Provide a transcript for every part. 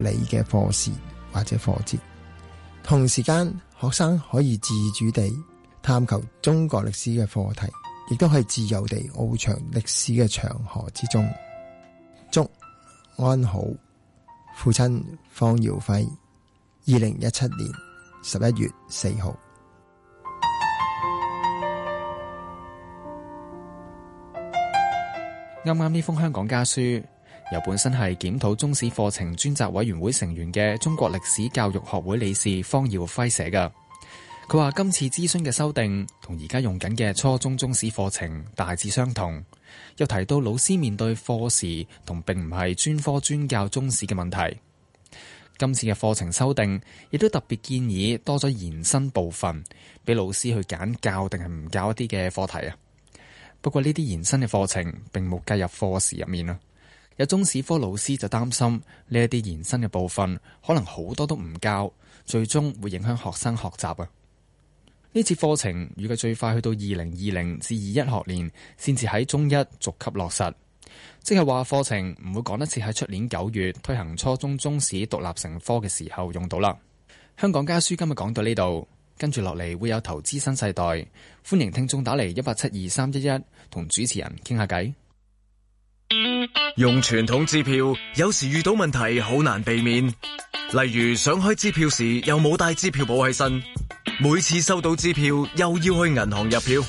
你嘅課時或者課節，同時間學生可以自主地探求中國歷史嘅課題，亦都可以自由地翱翔歷史嘅長河之中。祝安好，父親方耀輝，二零一七年十一月四號。啱啱呢封香港家書。由本身係檢討中史課程專責委員會成員嘅中國歷史教育學會理事方耀輝寫㗎，佢話今次諮詢嘅修訂同而家用緊嘅初中中史課程大致相同，又提到老師面對課時同並唔係專科專教中史嘅問題。今次嘅課程修訂亦都特別建議多咗延伸部分，俾老師去揀教定係唔教一啲嘅課題啊。不過呢啲延伸嘅課程並冇計入課時入面啊。有中史科老師就擔心呢一啲延伸嘅部分，可能好多都唔教，最終會影響學生學習啊！呢次課程預計最快去到二零二零至二一學年，先至喺中一逐級落實，即係話課程唔會趕得切喺出年九月推行初中中史獨立成科嘅時候用到啦。香港家書今日講到呢度，跟住落嚟會有投資新世代，歡迎聽眾打嚟一八七二三一一，同主持人傾下偈。用傳統支票，有時遇到問題好難避免。例如想開支票時又冇帶支票簿喺身，每次收到支票又要去銀行入票。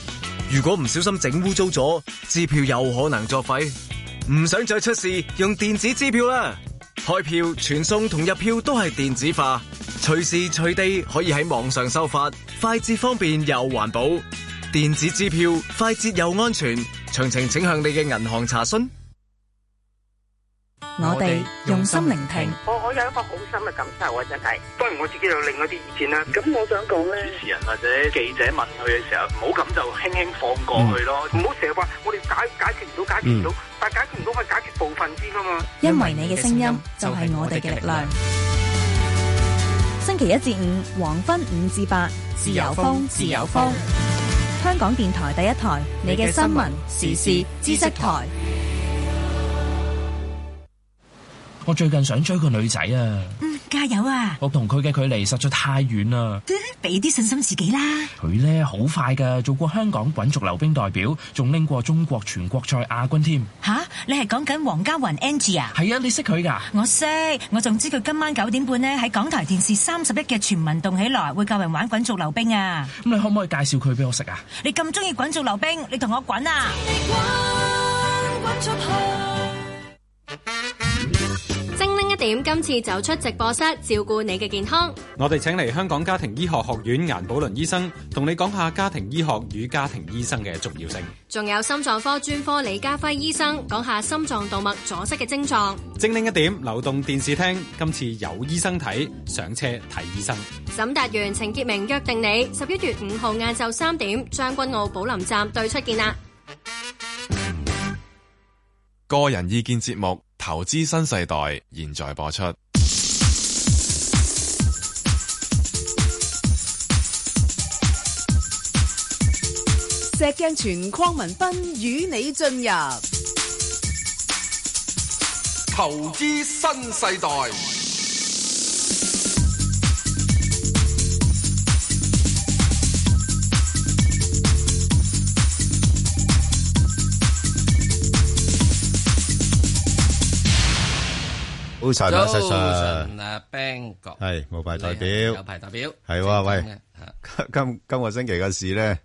如果唔小心整污糟咗，支票有可能作廢。唔想再出事，用電子支票啦！開票、傳送同入票都係電子化，隨時隨地可以喺網上收發，快捷方便又環保。電子支票快捷又安全，詳情請向你嘅銀行查詢。我哋用心聆聽，我我有一個好深嘅感受啊！真係，當然我自己有另一啲意見啦。咁我想講咧，主持人或者記者問佢嘅時候，唔好咁就輕輕放過去咯，唔好成日話我哋解解決唔到，解決唔到，嗯，但解決唔到係解決部分啲噶嘛。因為你嘅聲音就係我哋嘅力量。星期一至五，黃昏五至八，自由風，自由風，風香港電台第一台，你嘅新聞時事知識台。我最近想追個女仔啊！嗯，加油啊！我同佢嘅距離實在太遠啦。俾啲信心自己啦。佢咧好快噶，做過香港滾軸溜冰代表，仲拎過中國全國賽亞軍添。吓，你係講緊黃家云 Angie 啊？係啊，你識佢噶？我識，我仲知佢今晚九點半呢喺港台電視三十一嘅全民動起來會教人玩滾軸溜冰啊！咁你可唔可以介紹佢俾我識啊？你咁中意滾軸溜冰，你同我滾啊！你點今次走出直播室，照顧你嘅健康。我哋請嚟香港家庭醫學學院顏寶倫醫生，同你講下家庭醫學與家庭醫生嘅重要性。仲有心臟科專科李家輝醫生講下心臟動脈阻塞嘅症狀。精靈一點流動電視廳，今次有醫生睇，上車睇醫生。沈達元、程潔明約定你十一月五號晏晝三點將軍澳寶林站對出見啦。個人意見節目。投資新世代，現在播出。石鏡泉、鄺民彬與你進入投資新世代。早晨，早晨啊！彬哥係冇牌代表，有牌代表係喎。喂，今今今個星期嘅市咧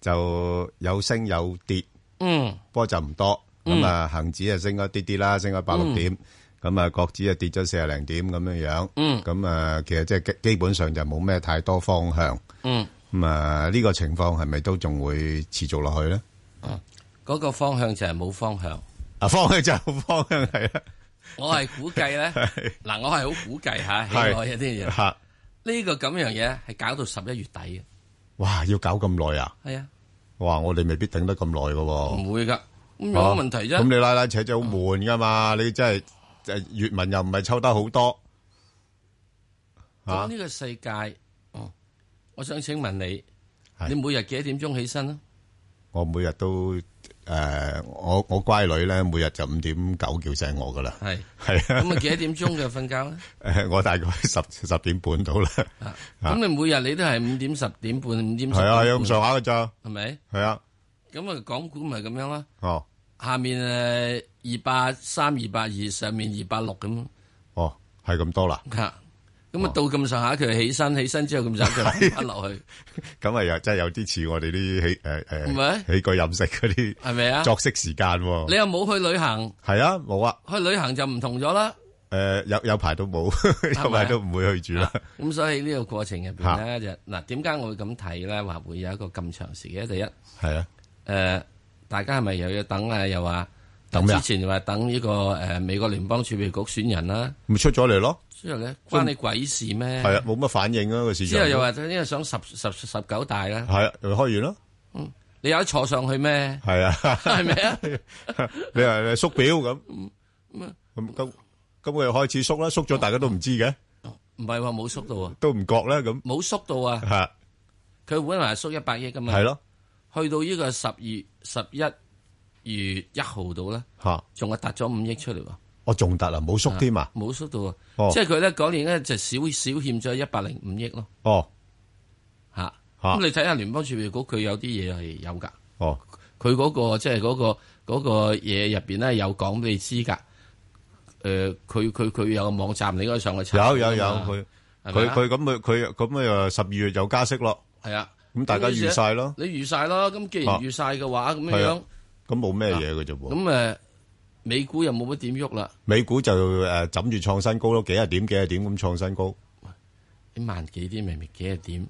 就有升有跌，嗯，不過就唔多咁啊。恒指啊升咗啲啲啦，升咗百六點，咁啊，國指啊跌咗四十零點咁樣樣，嗯，咁啊，其實即係基基本上就冇咩太多方向，嗯，咁啊，呢個情況係咪都仲會持續落去咧？嗯，嗰個方向就係冇方向，啊，方向就冇方向係啦。我係估計咧，嗱，我係好估計吓，意外啊啲嘢。呢個咁樣嘢係搞到十一月底嘅。哇，要搞咁耐啊！係啊。哇，我哋未必頂得咁耐噶。唔會噶，咁有乜問題啫。咁你拉拉扯扯就好悶噶嘛？你真係誒，粵文又唔係抽得好多。咁呢個世界，哦，我想請問你，你每日幾多點鐘起身啊？我每日都。誒、呃，我我乖女咧，每日就五點九叫醒我噶啦，係係啊，咁啊是幾多點鐘就瞓覺咧？誒， 我大概十十點半到啦。咁、啊啊、你每日你都係五點十點半五點係啊，有咁上下噶咋？係咪吧？係啊，咁啊港股咪咁樣咯。哦，下面誒二八三二八二，上面二八六咁。哦，係咁多啦。啊咁啊，到咁上下佢起身，起身之後咁就一落去。咁啊，又真係有啲似我哋啲起誒誒，起居飲食嗰啲係咪啊？作息時間，你又冇去旅行？係啊，冇啊。去旅行就唔同咗啦。誒，有有排都冇，有排都唔會去住啦。咁所以呢個過程入邊咧，就嗱，點解我會咁睇咧？話會有一個咁長時嘅第一，係啊。誒，大家係咪又要等啊？又話等之前話等呢個誒美國聯邦儲備局選人啦，咪出咗嚟。咯。之後咧，關你鬼事咩？係啊，冇乜反應咯個市場。之後又話呢個想十十十九大咧，係啊，又開完咯。嗯，你有得坐上去咩？係啊，係咪啊？你話縮表咁咁咁，咁佢又開始縮啦，縮咗大家都唔知嘅，唔係話冇縮到啊，都唔覺咧咁，冇縮到啊，係，佢本來係縮一百億噶嘛，係咯，去到呢個十二十一月一號度咧，吓，仲係突咗五億出嚟喎。我仲得啊，冇縮添啊，冇縮到啊，即係佢咧嗰年咧就少少欠咗一百零五億咯。哦，吓，咁你睇下聯邦儲備局佢有啲嘢係有噶。哦，佢嗰個即係嗰個嗰個嘢入邊咧有講俾你知噶。誒，佢佢佢有個網站，你應該上去查。有有有，佢佢佢咁佢咁咪十二月又加息咯。係啊，咁大家預晒咯。你預晒咯，咁既然預晒嘅話，咁樣咁冇咩嘢嘅啫噃。咁誒。美股又冇乜點喐啦，美股就誒枕住創新高咯，幾十點幾十點咁創新高，一萬幾點，明明幾十點。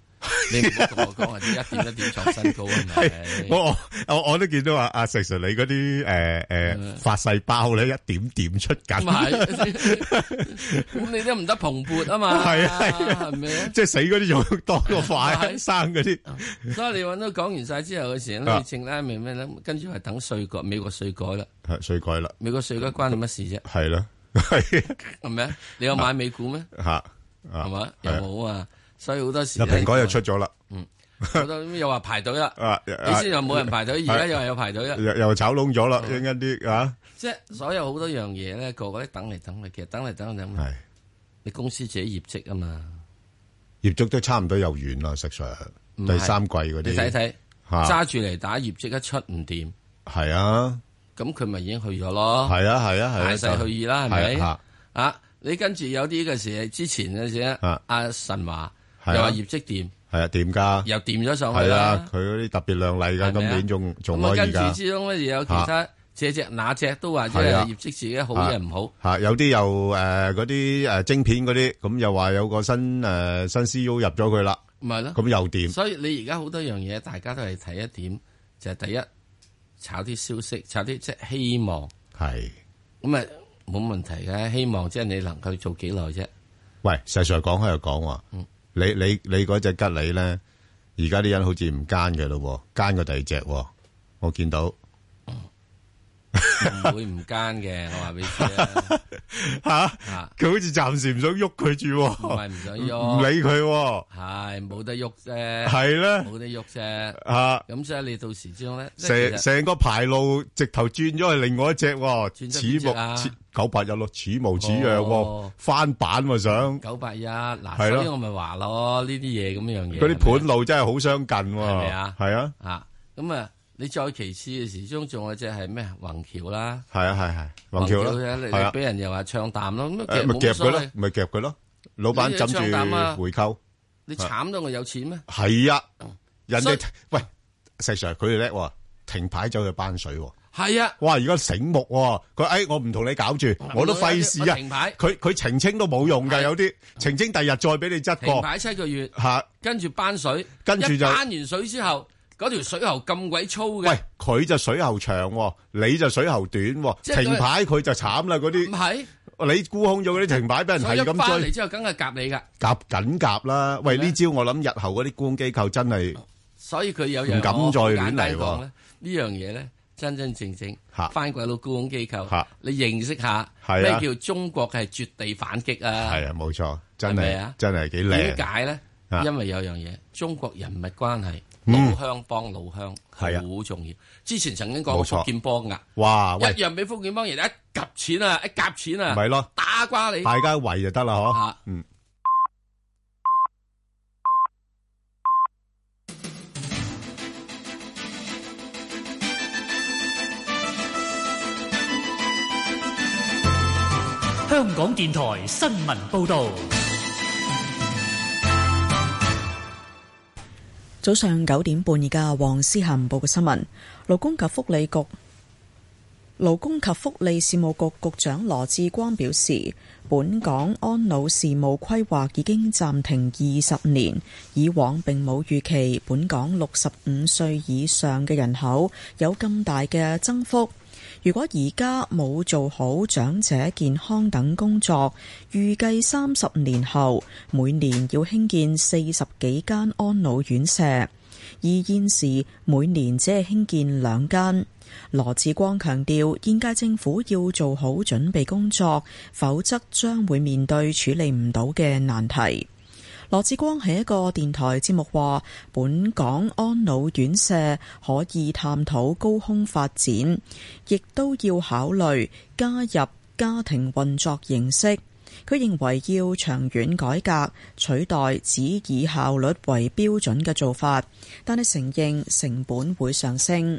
你唔好同我講，一點一點創新高係咪啊？係我我都見到話，阿石石你嗰啲誒誒，發細胞咧一點點出緊是，咁 你都唔得蓬勃啊嘛！係啊，係咩？即係死嗰啲仲多過快生嗰啲，所以你搵到講完晒之後嘅事情，你靜啦，明咩啦？跟住係等稅改，美國稅改啦，係稅改啦，美國稅改關你乜事啫？係咯，係咩？你有買美股咩？吓，係嘛？有冇啊？所以好多時，蘋果又出咗啦。嗯，又話排隊啦。你先又冇人排隊，而家又係有排隊啦。又又炒窿咗啦，因啲啊。即係所有好多樣嘢咧，個個都等嚟等嚟，其實等嚟等嚟等。係，你公司自己業績啊嘛，業績都差唔多又完啦，實上第三季嗰啲。睇睇，揸住嚟打業績一出唔掂。係啊，咁佢咪已經去咗咯。係啊係啊係，大勢去意啦，係咪？啊，你跟住有啲嘅事，之前嘅事，阿阿神華。又話業績掂，係啊掂㗎，又掂咗上去啦。佢嗰啲特別亮麗㗎，今年仲仲可以㗎。咁啊，跟住之中咧，有其他這隻那隻都話即係業績自己好嘅唔好。嚇，有啲又誒嗰啲誒晶片嗰啲，咁又話有個新誒新 CEO 入咗佢啦，咪咯。咁又掂。所以你而家好多樣嘢，大家都係睇一點，就係第一炒啲消息，炒啲即係希望。係咁啊，冇問題嘅，希望即係你能夠做幾耐啫。喂，實際上講開又講喎。你你你嗰隻吉利咧，而家啲人好似唔奸嘅咯，奸過第二隻，我見到。唔會唔奸嘅，我話俾你知吓，佢好似暫時唔想喐佢住，唔係唔想喐，唔理佢。係冇得喐啫，係咧，冇得喐啫。吓，咁所以你到時之後咧，成成個牌路直頭轉咗去另外一隻，似模九八一六，似模似樣，翻版喎想九八一。嗱，所以我咪話咯，呢啲嘢咁樣嘢，嗰啲盤路真係好相近，係咪啊？係啊。吓，咁啊。你再其次，時中仲有隻係咩啊？橫橋啦，係啊係係橫橋咯，係啊俾人又話唱淡咯咁啊，夾咪夾佢咯，咪夾佢咯，老闆枕住回扣，你慘到我有錢咩？係啊，人哋喂，石 Sir 佢哋叻喎，停牌走去班水喎，係啊，哇！而家醒目喎，佢哎我唔同你搞住，我都費事啊！停牌，佢佢澄清都冇用㗎，有啲澄清第二日再俾你質過，停牌七個月，嚇，跟住班水，跟住就班完水之後。嗰條水喉咁鬼粗嘅，喂，佢就水喉長，你就水喉短，停牌佢就慘啦。嗰啲唔係你沽空咗嗰啲停牌俾人係咁追嚟之後，梗係夾你噶，夾緊夾啦。喂，呢招我諗日後嗰啲沽空機構真係，所以佢有人唔敢再亂嚟。呢樣嘢咧，真真正正翻鬼佬沽空機構，你認識下咩叫中國係絕地反擊啊？係啊，冇錯，真係真係幾靚。理解咧，因為有樣嘢，中國人物關係。老鄉幫老鄉，係啊，好重要。之前曾經講過福建幫噶，哇，一樣俾福建幫人哋一夾錢啊，一夾錢啊，咪咯，打瓜你，大家圍就得啦，嗬。嗯，香港電台新聞報道。早上九點半，而家黃思涵報嘅新聞，勞工及福利局勞工及福利事務局局長羅志光表示，本港安老事務規劃已經暫停二十年，以往並冇預期本港六十五歲以上嘅人口有咁大嘅增幅。如果而家冇做好長者健康等工作，預計三十年後每年要興建四十幾間安老院舍，而現時每年只係興建兩間。羅志光強調，現屆政府要做好準備工作，否則將會面對處理唔到嘅難題。羅志光喺一個電台節目話，本港安老院舍可以探討高空發展，亦都要考慮加入家庭運作形式。佢認為要長遠改革，取代只以效率為標準嘅做法，但係承認成本會上升。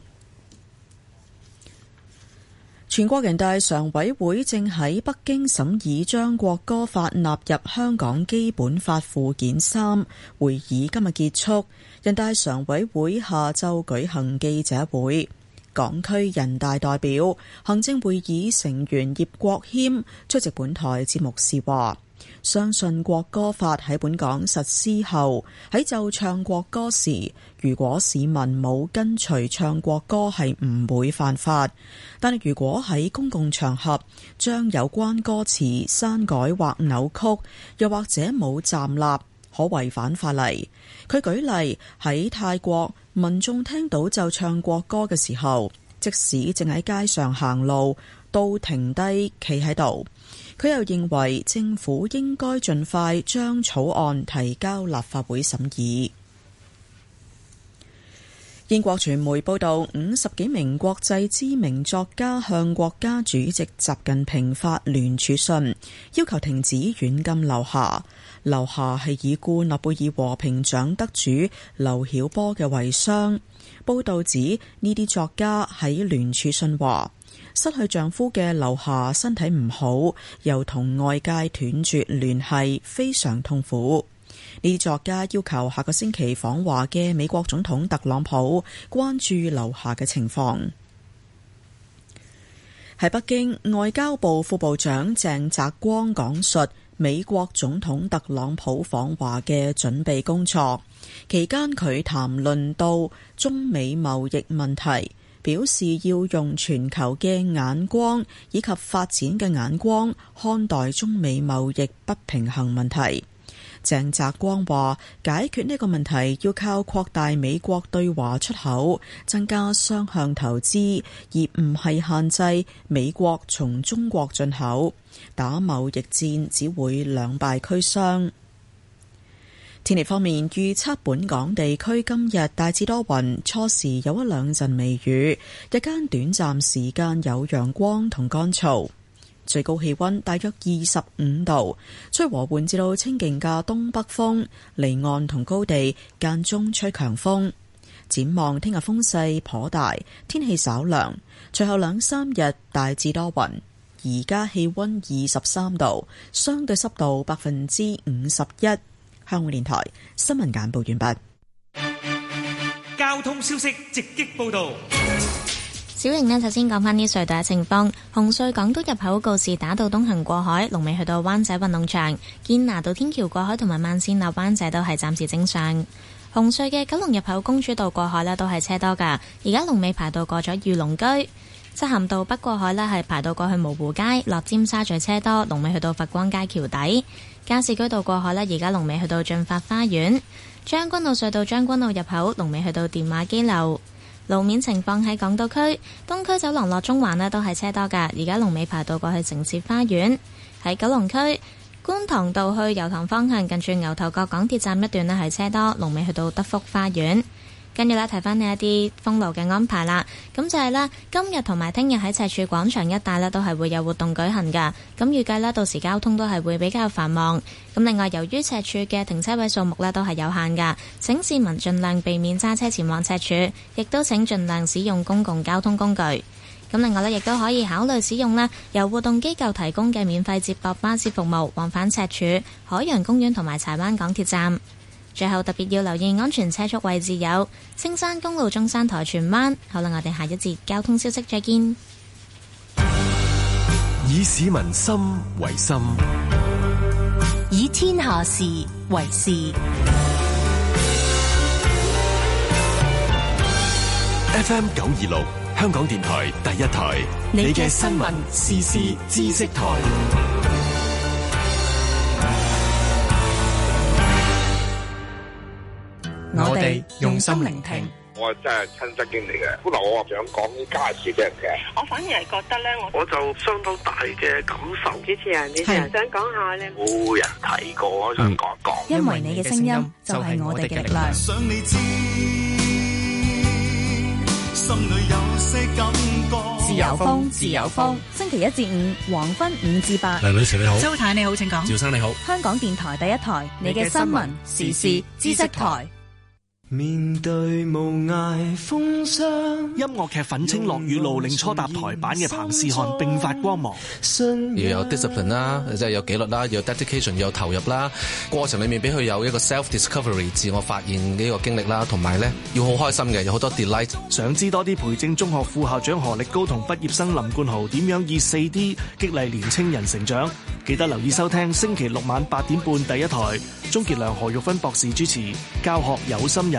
全國人大常委會正喺北京審議將國歌法納入香港基本法附件三。會議今日結束，人大常委會下周舉行記者會。港區人大代表、行政會議成員葉國謙出席本台節目時話，相信國歌法喺本港實施後，喺奏唱國歌時，如果市民冇跟隨唱國歌係唔會犯法，但係如果喺公共場合將有關歌詞刪改或扭曲，又或者冇站立，可違反法例。佢舉例喺泰國民眾聽到就唱國歌嘅時候，即使正喺街上行路都停低企喺度。佢又認為政府應該盡快將草案提交立法會審議。英國傳媒報道，五十幾名國際知名作家向國家主席習近平發聯署信，要求停止軟禁劉下劉霞。劉霞係已故諾貝爾和平獎得主劉曉波嘅遺孀。報道指呢啲作家喺聯署信話，失去丈夫嘅劉霞身體唔好，又同外界斷絕聯繫，非常痛苦。呢作家要求下個星期訪華嘅美國總統特朗普關注樓下嘅情況。喺北京，外交部副部長鄭澤光講述美國總統特朗普訪華嘅準備工作期間，佢談論到中美貿易問題，表示要用全球嘅眼光以及發展嘅眼光看待中美貿易不平衡問題。鄭澤光話：解決呢個問題要靠擴大美國對華出口，增加雙向投資，而唔係限制美國從中國進口。打貿易戰只會兩敗俱傷。天氣方面，預測本港地區今日大致多雲，初時有一兩陣微雨，日間短暫時間有陽光同乾燥。最高氣溫大約二十五度，吹和緩至到清勁嘅東北風，離岸同高地間中吹強風。展望聽日風勢頗大，天氣稍涼。隨後兩三日大致多雲，而家氣溫二十三度，相對濕度百分之五十一。香港電台新聞簡報完畢。交通消息直擊報道。小瑩呢，首先講返啲隧道嘅情況。紅隧港島入口告士打道東行過海，龍尾去到灣仔運動場；堅拿道天橋過海同埋慢綫落灣仔都係暫時正常。紅隧嘅九龍入口公主道過海呢都係車多噶，而家龍尾排到過咗御龍居。漆咸道北過海呢係排到過去蕪湖街，落尖沙咀車多，龍尾去到佛光街橋底。加士居道過海呢，而家龍尾去到駿發花園。將軍澳隧道將軍澳入口龍尾去到電話機樓。路面情況喺港島區東區走廊落中環呢都係車多㗎，而家龍尾排到過去城市花園。喺九龍區觀塘道去油塘方向，近住牛頭角港鐵站一段呢係車多，龍尾去到德福花園。跟住呢，提翻你一啲封路嘅安排啦。咁就係啦，今日同埋聽日喺赤柱廣場一帶呢，都係會有活動舉行噶。咁預計呢，到時交通都係會比較繁忙。咁另外，由於赤柱嘅停車位數目呢都係有限噶，請市民盡量避免揸車前往赤柱，亦都請盡量使用公共交通工具。咁另外呢，亦都可以考慮使用呢由活動機構提供嘅免費接駁巴士服務，往返赤柱、海洋公園同埋柴灣港鐵站。最後特別要留意安全車速位置有青山公路中山台荃灣。好啦，我哋下一節交通消息再見。以市民心為心，以天下事為事。FM 九二六，香港電台第一台，你嘅新聞、時事、知識台。我哋用心聆聽，我真係親身經歷嘅。本來我話唔想講啲家事俾人嘅，我反而係覺得咧，我我就相當大嘅感受。主持人，你係想講下咧？冇人提過，我想講。因為你嘅聲音就係我哋嘅力量。想你知，自由風，自由風，星期一至五黃昏五至八。梁女士你好，周太你好，請講。趙生你好，香港電台第一台，你嘅新聞時事知識台。面對無涯風霜音樂劇《奮青樂與路》，令初踏台板嘅彭氏漢迸發光芒，要有 discipline 啦，即係有紀律啦，有 dedication，有投入啦，過程裏面俾佢有一個 self discovery，自我發現嘅一個經歷啦，同埋咧要好開心嘅，有好多 delight。想知多啲培正中學副校長何力高同畢業生林冠豪點樣以四 D 激勵年青人成長？記得留意收聽星期六晚八點半第一台，鍾杰良、何玉芬博士主持，教學有心人。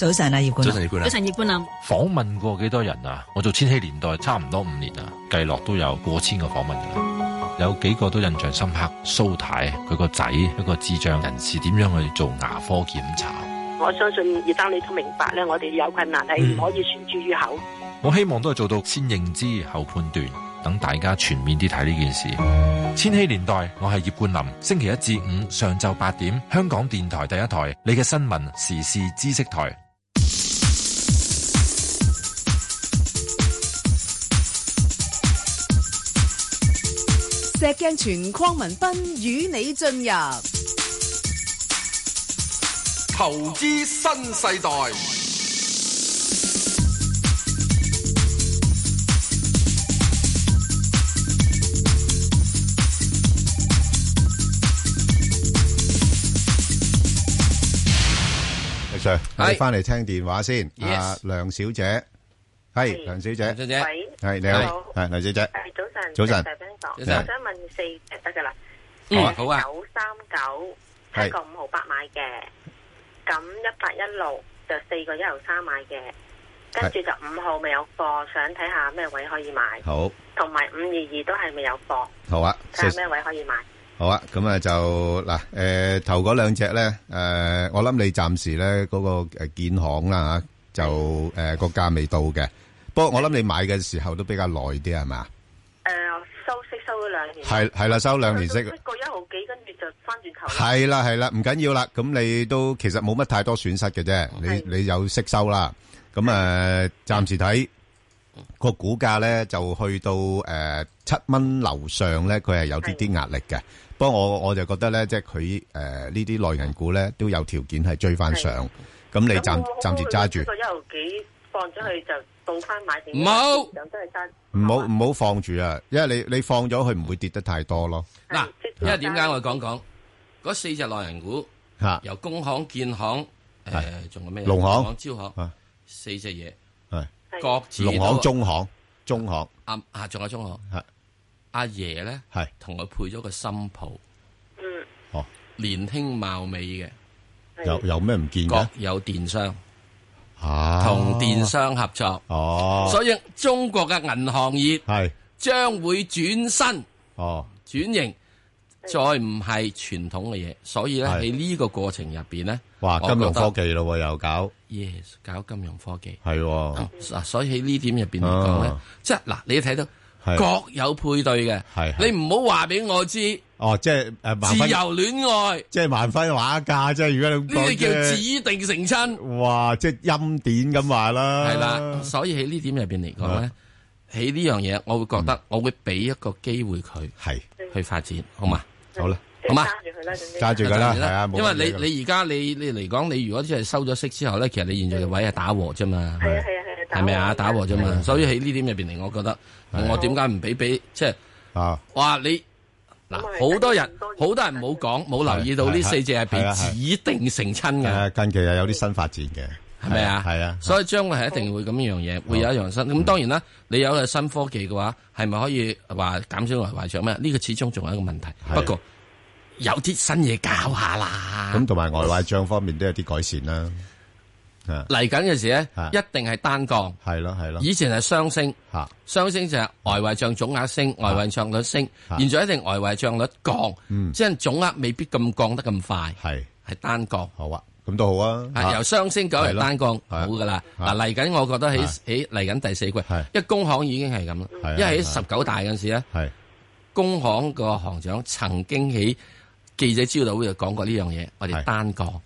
早晨啦，葉冠林。早晨葉冠林。訪問過幾多人啊？我做千禧年代差唔多五年啊，計落都有過千個訪問嘅啦。有幾個都印象深刻，蘇太佢個仔一個智障人士，點樣去做牙科檢查？我相信葉生你都明白咧，我哋有困難係唔可以宣諸於口。嗯、我希望都係做到先認知後判斷，等大家全面啲睇呢件事。千禧年代，我係葉冠林。星期一至五上晝八點，香港電台第一台，你嘅新聞時事知識台。石鏡泉鄺民彬與你進入投資新世代。阿 蠣 Sir，你翻嚟聽電話先，阿 Yes. 梁小姐。係梁小姐，喂，係你好，係梁小姐，早晨，早晨，大餅哥，我想問四隻得噶啦，嗯，好啊，九三九七個五號八買嘅，咁一八一六就四個一號三買嘅，跟住就五號未有貨，想睇下咩位可以買，好，同埋五二二都係未有貨，好啊，睇下咩位可以買，好啊，咁啊就嗱，誒頭嗰兩隻咧，誒我諗你暫時咧嗰個誒建行啦吓，就誒個價未到嘅。不過我諗你買嘅時候都比較耐啲係咪？誒、呃，收息收咗兩年，係係啦，收兩年息。個一毫幾跟住就翻轉頭。係啦係啦，唔緊要啦。咁你都其實冇乜太多損失嘅啫。你的你有息收啦。咁誒、呃，暫時睇、這個股價咧就去到誒、呃、七蚊樓上咧，佢係有啲啲壓力嘅。的不過我我就覺得咧，即係佢誒呢啲內銀股咧都有條件係追翻上。咁的你暫暫時揸住。個一毫幾放咗去就。唔好，唔好唔好放住啊！因為你你放咗佢唔會跌得太多咯。嗱，因為點解我講講嗰四隻內銀股吓，由工行、建行，誒，仲有咩？農行、招行，四隻嘢係各自。農行、中行、中行。阿阿仲有中行。阿爺咧，係同佢配咗個新抱，嗯，哦，年輕貌美嘅，有有咩唔見嘅？國有電商。同電商合作，哦、所以中國嘅銀行業係將會轉身，哦轉型，再唔係傳統嘅嘢，所以咧喺呢個過程入邊咧，哇金融科技咯又搞，yes 搞金融科技係，嗱、哦嗯、所以喺呢點入邊嚟講咧，哦、即係嗱你睇到。各有配對嘅，你唔好話俾我知。哦，即係誒，自由戀愛，即係萬分話一價啫。如果你呢啲叫指定成親，哇，即係陰典咁話啦。係啦，所以喺呢點入邊嚟講咧，喺呢樣嘢，我會覺得我會俾一個機會佢，係去發展，好嘛？好啦，好嘛？揸住佢啦，揸住佢啦，因為你你而家你你嚟講，你如果即係收咗息之後咧，其實你現在嘅位係打和啫嘛。係啊。係咪啊？打和啫嘛，所以喺呢啲入邊嚟，我覺得我點解唔俾俾？即係話！你嗱，好多人，好多人冇講，冇留意到呢四隻係被指定成親嘅。近期又有啲新發展嘅，係咪啊？係啊！所以將來係一定會咁樣嘢，會有一樣新。咁當然啦，你有個新科技嘅話，係咪可以話減少外壞賬咩？呢個始終仲係一個問題。不過有啲新嘢搞下啦。咁同埋外壞賬方面都有啲改善啦。嚟緊嘅時咧，一定係單降，係咯係咯。以前係雙升，雙升就係外圍賬總額升，外圍賬率升。現在一定外圍賬率降，即係總額未必咁降得咁快。係係單降。好啊，咁都好啊。由雙升降嚟單降，好噶啦。嗱嚟緊，我覺得喺喺嚟緊第四季，因為工行已經係咁啦。因為喺十九大嗰陣時咧，工行個行長曾經喺記者招待會度講過呢樣嘢，我哋單降。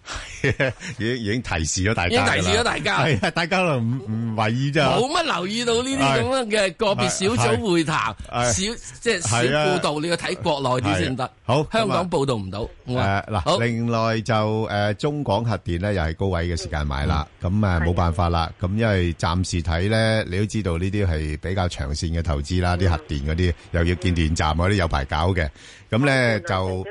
已已經提示咗大家啦，提示咗大家，係大家唔唔為意啫，冇乜留意到呢啲咁嘅個別小組會談，少即係少報道，你要睇國內啲先得。好，香港報道唔到。誒，嗱，好，另外就誒，中廣核電咧又係高位嘅時間買啦。咁啊，冇辦法啦。咁因為暫時睇咧，你都知道呢啲係比較長線嘅投資啦，啲核電嗰啲又要建電站嗰啲有排搞嘅。咁咧就。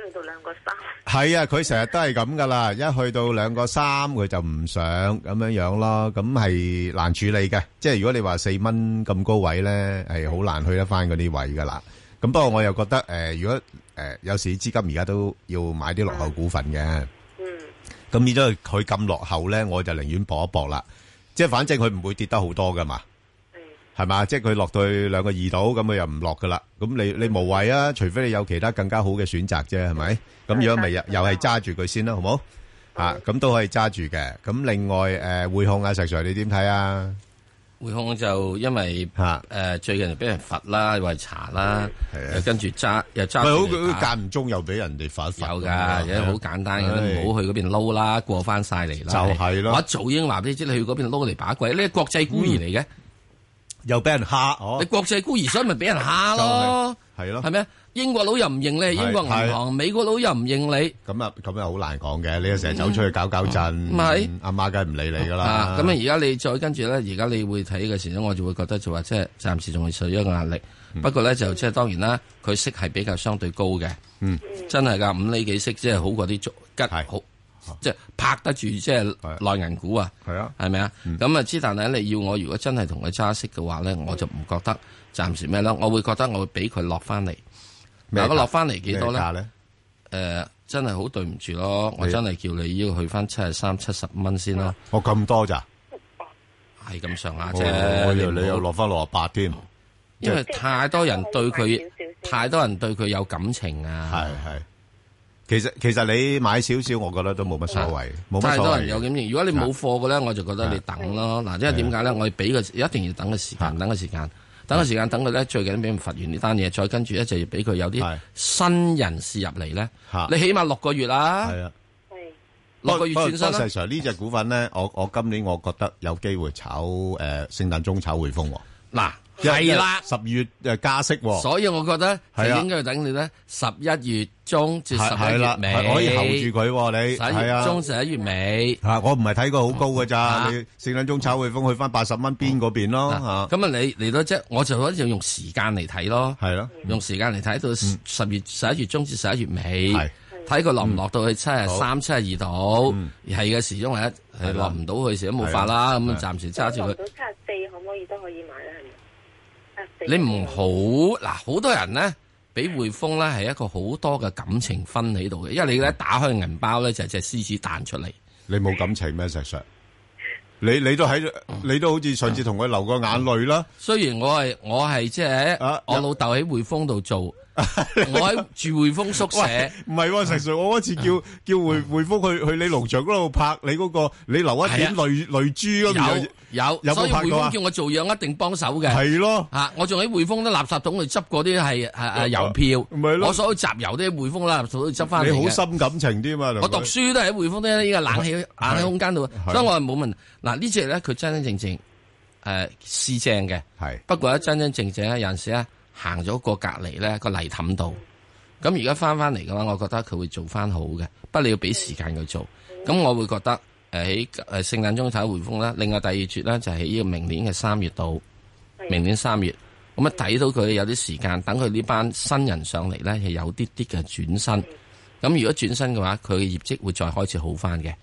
係啊，佢成日都係咁噶啦，一去到兩個三佢就唔上咁樣樣咯，咁係難處理嘅。即係如果你話四蚊咁高位咧，係好難去得翻嗰啲位噶啦。咁不過我又覺得誒、呃，如果誒、呃、有時資金而家都要買啲落後股份嘅，嗯，咁變咗佢咁落後咧，我就寧願搏一搏啦。即係反正佢唔會跌得好多噶嘛。係嘛，即係佢落到去兩個二度，咁佢又唔落噶啦。咁你你無謂啊，除非你有其他更加好嘅選擇啫，係咪？咁如果咪又又係揸住佢先啦，好冇？啊，咁都可以揸住嘅。咁另外誒匯控啊，石 Sir，你點睇啊？匯控就因為吓誒最近就俾人罰啦，又查啦，跟住揸又揸。唔間唔中又俾人哋罰。有噶，好簡單嘅，唔好去嗰邊撈啦，過翻晒嚟啦。就係咯。我一早已經話俾你知，你去嗰邊撈嚟把鬼，呢係國際孤兒嚟嘅。又俾人嚇，你國際孤兒，所以咪俾人嚇咯，係咯，係咩？英國佬又唔認你，英國銀行，美國佬又唔認你，咁啊，咁又好難講嘅。你又成日走出去搞搞震，唔係阿媽梗係唔理你噶啦。咁啊，而家你再跟住咧，而家你會睇嘅時候，我就會覺得就話即係暫時仲會受咗一個壓力。不過咧就即係當然啦，佢息係比較相對高嘅，嗯，真係㗎，五厘幾息即係好過啲好。即係拍得住，即係內銀股啊，係啊，係咪啊？咁啊，之但係你要我如果真係同佢揸息嘅話咧，我就唔覺得暫時咩啦。我會覺得我會俾佢落翻嚟，嗱，個落翻嚟幾多咧？誒，真係好對唔住咯，我真係叫你要去翻七十三七十蚊先啦。我咁多咋？係咁上下啫。我以為你又落翻六十八添？因為太多人對佢，太多人對佢有感情啊。係係。其實其實你買少少，我覺得都冇乜所謂，冇乜。真係多人有經驗。如果你冇貨嘅咧，我就覺得你等咯。嗱，即係點解咧？我哋俾個一定要等個時間，等個時間，等個時間，等佢咧最緊要俾人罰完呢單嘢，再跟住咧就要俾佢有啲新人士入嚟咧。你起碼六個月啦。係啊，六個月轉身。呢隻股份咧，我我今年我覺得有機會炒誒，聖誕鐘炒匯豐。嗱。係啦，十月又加息，所以我覺得就應該要等你咧十一月中至十一月尾，可以候住佢。你十一月中十一月尾，吓，我唔係睇過好高噶咋？你四兩鐘炒匯豐去翻八十蚊邊嗰邊咯吓。咁啊，你嚟到即？我就嗰陣用時間嚟睇咯，係咯，用時間嚟睇到十月十一月中至十一月尾，係睇佢落唔落到去七十三、七十二度，而係嘅時鐘係係落唔到去時都冇法啦。咁啊，暫時揸住佢到七十四可唔可以都可以買咧？你唔好嗱，好多人咧，俾匯豐咧係一個好多嘅感情分喺度嘅，因為你咧、嗯、打開銀包咧就係隻獅子彈出嚟。你冇感情咩？石 Sir，你你都喺，你都好似上次同佢流過眼淚啦、嗯嗯嗯嗯。雖然我係我係即係我老豆喺匯豐度做。我喺住匯豐宿舍，唔係，成歲我嗰次叫叫匯匯豐去去你農場嗰度拍你嗰個你留一點淚淚珠咁樣，有有，所以匯豐叫我做樣一定幫手嘅，係咯，吓我仲喺匯豐啲垃圾桶去執過啲係係郵票，咪咯，我所有集郵啲匯豐垃圾桶執翻，你好深感情啲嘛，我讀書都係喺匯豐啲呢個冷氣冷氣空間度，所以我係冇問。嗱呢隻咧佢真真正正誒試正嘅，係不過咧真真正正咧人士咧。行咗過隔離呢個泥凼度，咁而家翻翻嚟嘅話，我覺得佢會做翻好嘅，不過你要俾時間佢做，咁我會覺得誒喺誒聖誕中睇匯豐啦，另外第二絕呢，就喺呢個明年嘅三月度，明年三月，咁啊睇到佢有啲時間等佢呢班新人上嚟呢，係有啲啲嘅轉身，咁如果轉身嘅話，佢嘅業績會再開始好翻嘅，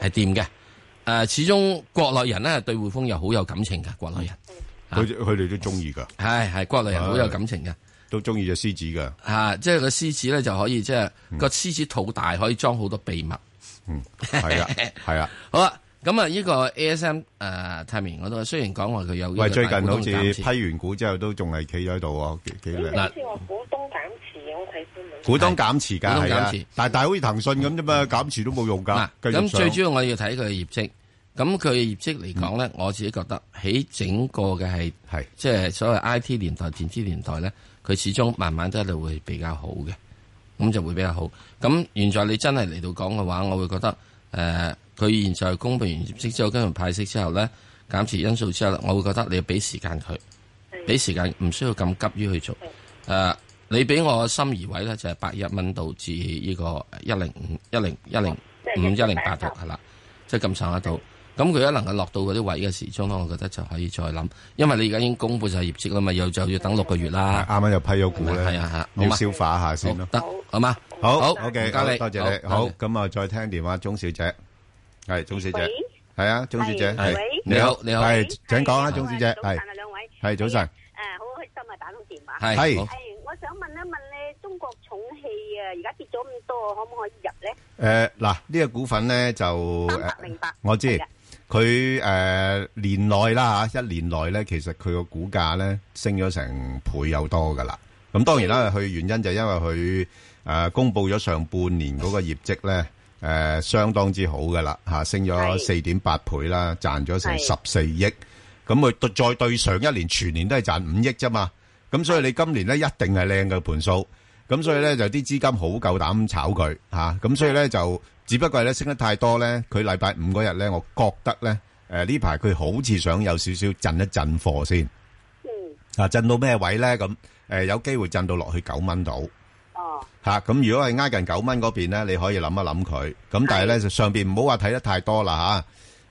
係掂嘅，誒始終國內人呢對匯豐又好有感情嘅國內人。佢佢哋都中意噶，係係國內人好有感情嘅，都中意隻獅子噶。吓，即係個獅子咧就可以，即係個獅子肚大，可以裝好多秘密。嗯，係啊，係啊。好啦，咁啊，呢個 ASM 誒泰明我都雖然講話佢有，喂，最近好似批完股之後都仲係企咗喺度喎，幾幾靚。嗱，好似話股東減持啊，我股東減持噶係，但係但係好似騰訊咁啫嘛，減持都冇用噶。咁最主要我要睇佢嘅業績。咁佢業績嚟講呢，嗯、我自己覺得喺整個嘅係係即係所謂 I T 年代、電子年代呢，佢始終慢慢都係度會比較好嘅，咁就會比較好。咁現在你真係嚟到講嘅話，我會覺得誒，佢、呃、現在公布完業績之後，跟住派息之後呢，減持因素之後，我會覺得你要俾時間佢，俾時間唔需要咁急於去做。誒、呃。你俾我心儀位呢，就係八一蚊到至呢個一零五、一零一零五一零八度係啦，即係咁上下度。咁佢一能夠落到嗰啲位嘅時，咁我覺得就可以再諗。因為你而家已經公布曬業績啦嘛，又就要等六個月啦。啱啱又批咗股咧，要消化一下先咯。好，好，OK，嘉莉，多謝你。好，咁啊，再聽電話，鍾小姐，係鍾小姐，係啊，鍾小姐，喂你好，你好，請講啦，鍾小姐，係早晨啊，兩位，係早晨。誒，好開心啊，打通電話，係，係，我想問一問咧，中國重汽啊，而家跌咗咁多，可唔可以入咧？誒嗱，呢個股份咧就，明白，明白，我知。佢誒、呃、年內啦嚇，一年內咧，其實佢個股價咧升咗成倍有多噶啦。咁、啊、當然啦，佢原因就係因為佢誒、呃、公佈咗上半年嗰個業績咧，誒、呃、相當之好噶啦嚇，升咗四點八倍啦，賺咗成十四億。咁佢是的、嗯、再對上一年全年都係賺五億啫嘛。咁、啊、所以你今年咧一定係靚嘅盤數。咁所以咧就啲資金好夠膽炒佢嚇。咁、啊、所以咧就。只不過咧升得太多咧，佢禮拜五嗰日咧，我覺得咧，誒，呢排佢好似想有少少震一震貨先。嗯。啊，震到咩位咧？咁誒有機會震到落去九蚊度。哦。嚇，咁如果係挨近九蚊嗰邊咧，你可以諗一諗佢。咁但係咧，就上邊唔好話睇得太多啦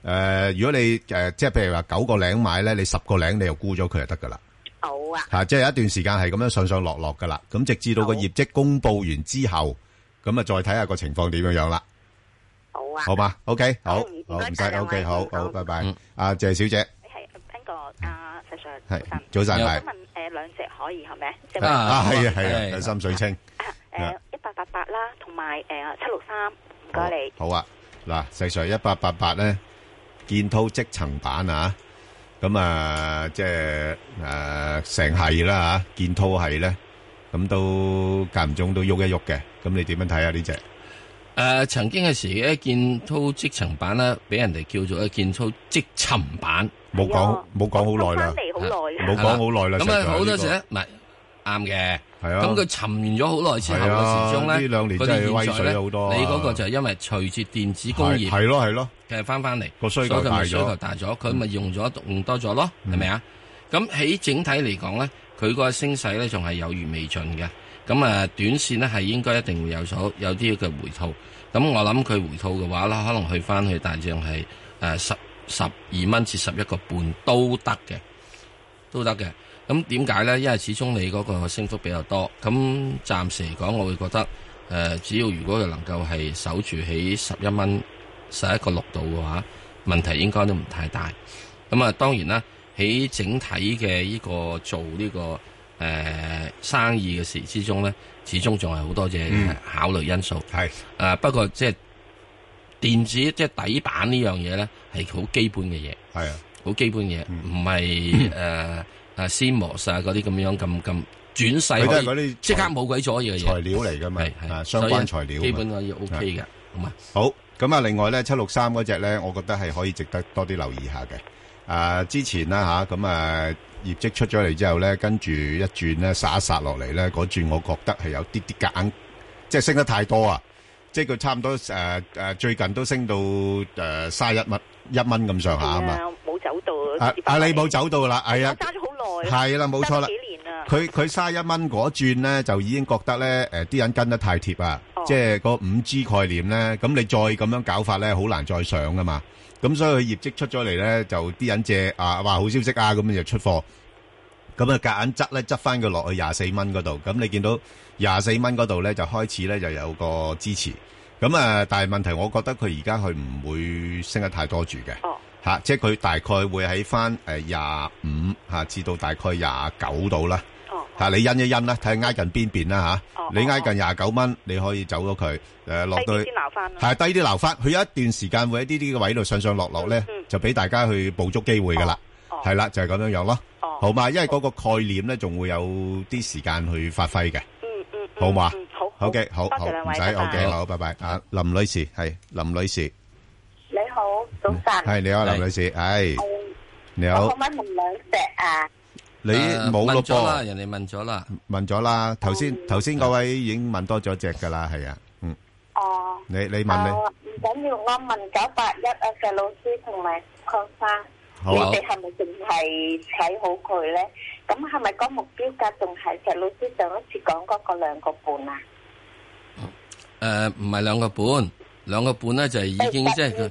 嚇。誒，如果你誒即係譬如話九個零買咧，你十個零你又沽咗佢就得㗎啦。好啊。嚇，即係有一段時間係咁樣上上落落㗎啦。咁直至到個業績公佈完之後，咁啊再睇下個情況點樣樣啦。好啊，好吧，OK，好，好唔該，OK，好好，拜拜，阿謝小姐，係邊個啊？石 Sir 係，早晨，早晨，我想問，誒，兩隻可以係咪？啊，係啊，係啊，兩心水清，誒，一八八八啦，同埋誒七六三，唔該你。好啊，嗱，石 Sir 一八八八咧，建滔積層板啊，咁啊，即係誒成係啦吓，建滔係咧，咁都間唔中都喐一喐嘅，咁你點樣睇啊呢隻？誒，曾經嘅時建滔積層板咧，俾人哋叫做建滔積沉板，冇講冇講好耐啦，冇講好耐啦。咁啊，好多時咧，唔係啱嘅，係啊。咁佢沉完咗好耐之後嘅時鐘咧，佢啲現在咧，你嗰個就係因為隨住電子工業係咯係咯，誒翻翻嚟個需求大咗，佢咪需求大咗，佢咪用咗用多咗咯，係咪啊？咁喺整體嚟講咧，佢個升勢咧仲係有餘未盡嘅。咁啊，短線呢係應該一定會有所，有啲嘅回吐。咁我諗佢回吐嘅話啦，可能去翻去大約係誒十十二蚊至十一個半都得嘅，都得嘅。咁點解呢？因為始終你嗰個升幅比較多。咁暫時嚟講，我會覺得誒、呃，只要如果佢能夠係守住喺十一蚊十一個六度嘅話，問題應該都唔太大。咁啊，當然啦，喺整體嘅呢個做呢個。誒、呃，生意嘅事之中咧，始終仲係好多嘢、嗯、考慮因素。係誒是、呃，不過即係電子即係底板呢樣嘢咧，係好基本嘅嘢。係啊，好基本嘢，唔係誒啊 CMOS 啊嗰啲咁樣咁咁轉世，啲即刻冇鬼咗嘅嘢。材料嚟噶嘛？係、啊、相關材料，基本可以 OK 嘅。咁啊是好，嗎好，咁啊另外咧七六三嗰隻咧，我覺得係可以值得多啲留意下嘅。啊！之前啦嚇，咁啊業績出咗嚟之後咧，跟住一轉咧，殺一殺落嚟咧，嗰轉我覺得係有啲啲硬，即係升得太多啊！即係佢差唔多誒誒，最近都升到誒卅一蚊一蚊咁上下啊嘛，冇走到啊啊！你冇走到啦，係啊，揸咗好耐，係啦，冇錯啦幾年。佢佢卅一蚊嗰一轉咧，就已經覺得呢誒啲、呃、人跟得太貼啊！哦、即係個五 G 概念呢。咁你再咁樣搞法呢，好難再上噶嘛。咁所以佢業績出咗嚟呢，就啲人借啊話好消息啊，咁就出貨。咁啊夾硬執呢執翻佢落去廿四蚊嗰度。咁你見到廿四蚊嗰度呢，就開始呢就有個支持。咁啊、呃，但係問題，我覺得佢而家佢唔會升得太多住嘅。哦吓，即係佢大概會喺翻、誒廿五吓，至到大概廿九度啦。哦，吓你印一印啦，睇下挨近邊邊啦吓。哦，你挨近廿九蚊，你可以走咗佢。誒，落去。先留翻。係啊，低啲留翻。佢有一段時間會喺呢啲嘅位度上上落落咧，就俾大家去捕捉機會噶啦。哦，係啦，就係咁樣樣咯。哦，好嘛，因為嗰個概念咧，仲會有啲時間去發揮嘅。嗯嗯。好嘛。嗯。好。好嘅，好好。唔使。好嘅，好，拜拜。啊，林女士係林女士。好早晨，係你好，林女士，係你好，我問唔兩隻啊？你冇咯，人哋問咗啦，問咗啦。頭先頭先嗰位已經問多咗隻噶啦，係啊，嗯。哦，你你問你唔緊要，我問九八一啊，石老師同埋鄺生，你哋係咪仲係睇好佢咧？咁係咪個目標價仲係石老師上一次講嗰個兩個半啊？誒，唔係兩個半，兩個半咧就係已經即係。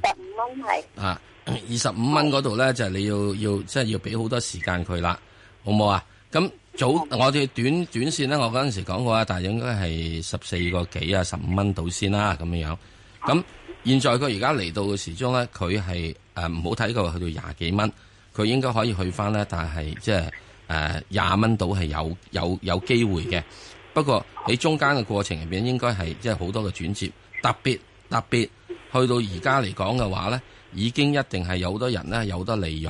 係啊，二十五蚊嗰度咧就係、是、你要要即係、就是、要俾好多時間佢啦，好唔好啊？咁早我哋短短線咧，我嗰陣時講過啦，但係應該係十四個幾啊，十五蚊到先啦，咁樣樣。咁現在佢而家嚟到嘅時鐘咧，佢係誒唔好睇佢去到廿幾蚊，佢、呃、應該可以去翻咧，但係即係誒廿蚊到係有有有機會嘅。不過喺中間嘅過程入邊，應該係即係好多嘅轉折，特別特別。去到而家嚟講嘅話咧，已經一定係有多人咧有得利潤。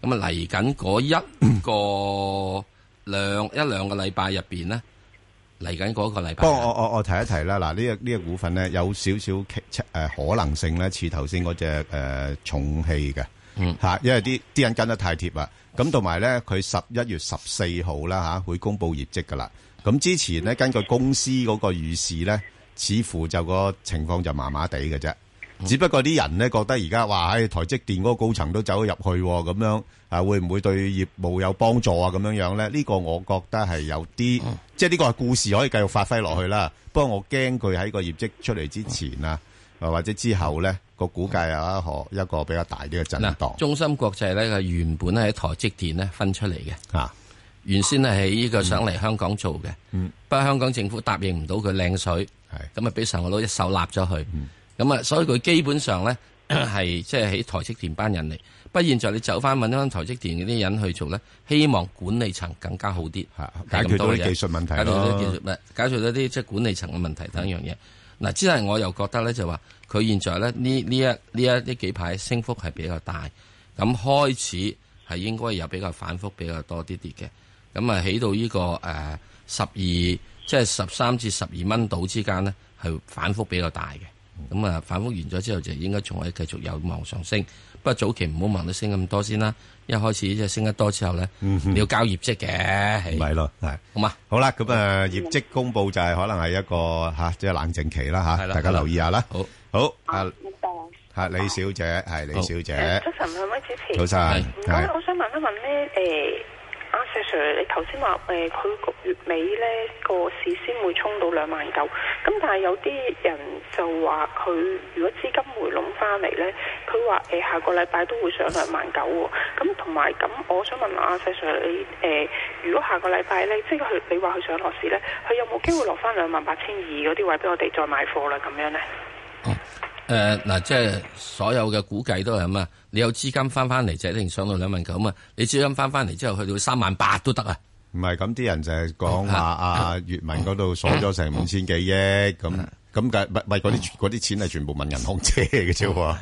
咁啊嚟緊嗰一個兩 一兩個禮拜入邊咧，嚟緊嗰個禮拜。不過我我我提一提啦，嗱呢一呢一股份咧有少少誒、呃、可能性咧，似頭先嗰隻誒重汽嘅，吓，嗯、因為啲啲人跟得太貼啦。咁同埋咧，佢十一月十四號啦吓會公布業績噶啦。咁、啊、之前咧根據公司嗰個預示咧，似乎就個情況就麻麻地嘅啫。啊。只不過啲人咧覺得而家哇，喺台積電嗰個高層都走咗入去咁樣，啊，會唔會對業務有幫助啊？咁樣樣咧，呢、這個我覺得係有啲，嗯、即係呢個係故事可以繼續發揮落去啦。不過我驚佢喺個業績出嚟之前啊，或者之後呢，個估計有一個比較大啲嘅震盪。中芯國際呢，原本係喺台積電咧分出嚟嘅，原先咧係呢個想嚟香港做嘅，不過、嗯嗯、香港政府答應唔到佢靚水，咁啊俾神我攞一手立咗去。嗯咁啊，所以佢基本上咧係即係喺台積電班人嚟。不過，現在你走翻問翻台積電嗰啲人去做咧，希望管理層更加好啲，解決到技術問題，解決啲啲即係管理層嘅問題等一樣嘢嗱。之係我又覺得咧，就話佢現在咧呢呢一呢一呢幾排升幅係比較大，咁開始係應該有比較反覆比較多啲啲嘅。咁啊，起到呢個誒十二即係十三至十二蚊度之間咧，係反覆比較大嘅。咁啊，反覆完咗之後就應該仲可以繼續有望上升，不過早期唔好望得升咁多先啦。一開始即係升得多之後咧，你要交業績嘅，唔係咯，係好嘛？好啦，咁啊業績公佈就係可能係一個嚇，即係冷靜期啦嚇，大家留意下啦。好，好啊，嚇李小姐係李小姐，早晨，係咪主持？早晨，係，我想問一問咧，誒。阿、啊、Sir，你頭先話誒佢個月尾呢個市先會衝到兩萬九，咁但係有啲人就話佢如果資金回籠翻嚟呢，佢話誒下個禮拜都會上兩萬九喎。咁同埋咁，我想問阿、啊、Sir，你誒、呃、如果下個禮拜呢，即係佢你話佢上落市呢，佢有冇機會落翻兩萬八千二嗰啲位俾我哋再買貨啦？咁樣呢？誒，嗱、呃，即、就、係、是、所有嘅估計都係咁啊！你有資金翻翻嚟就一定上到兩萬九嘛，你資金翻翻嚟之後去到三萬八都得啊！唔係咁啲人就係講下阿閎文嗰度鎖咗成五千幾億咁。咁噶，咪咪嗰啲啲錢係全部問銀行借嘅啫喎，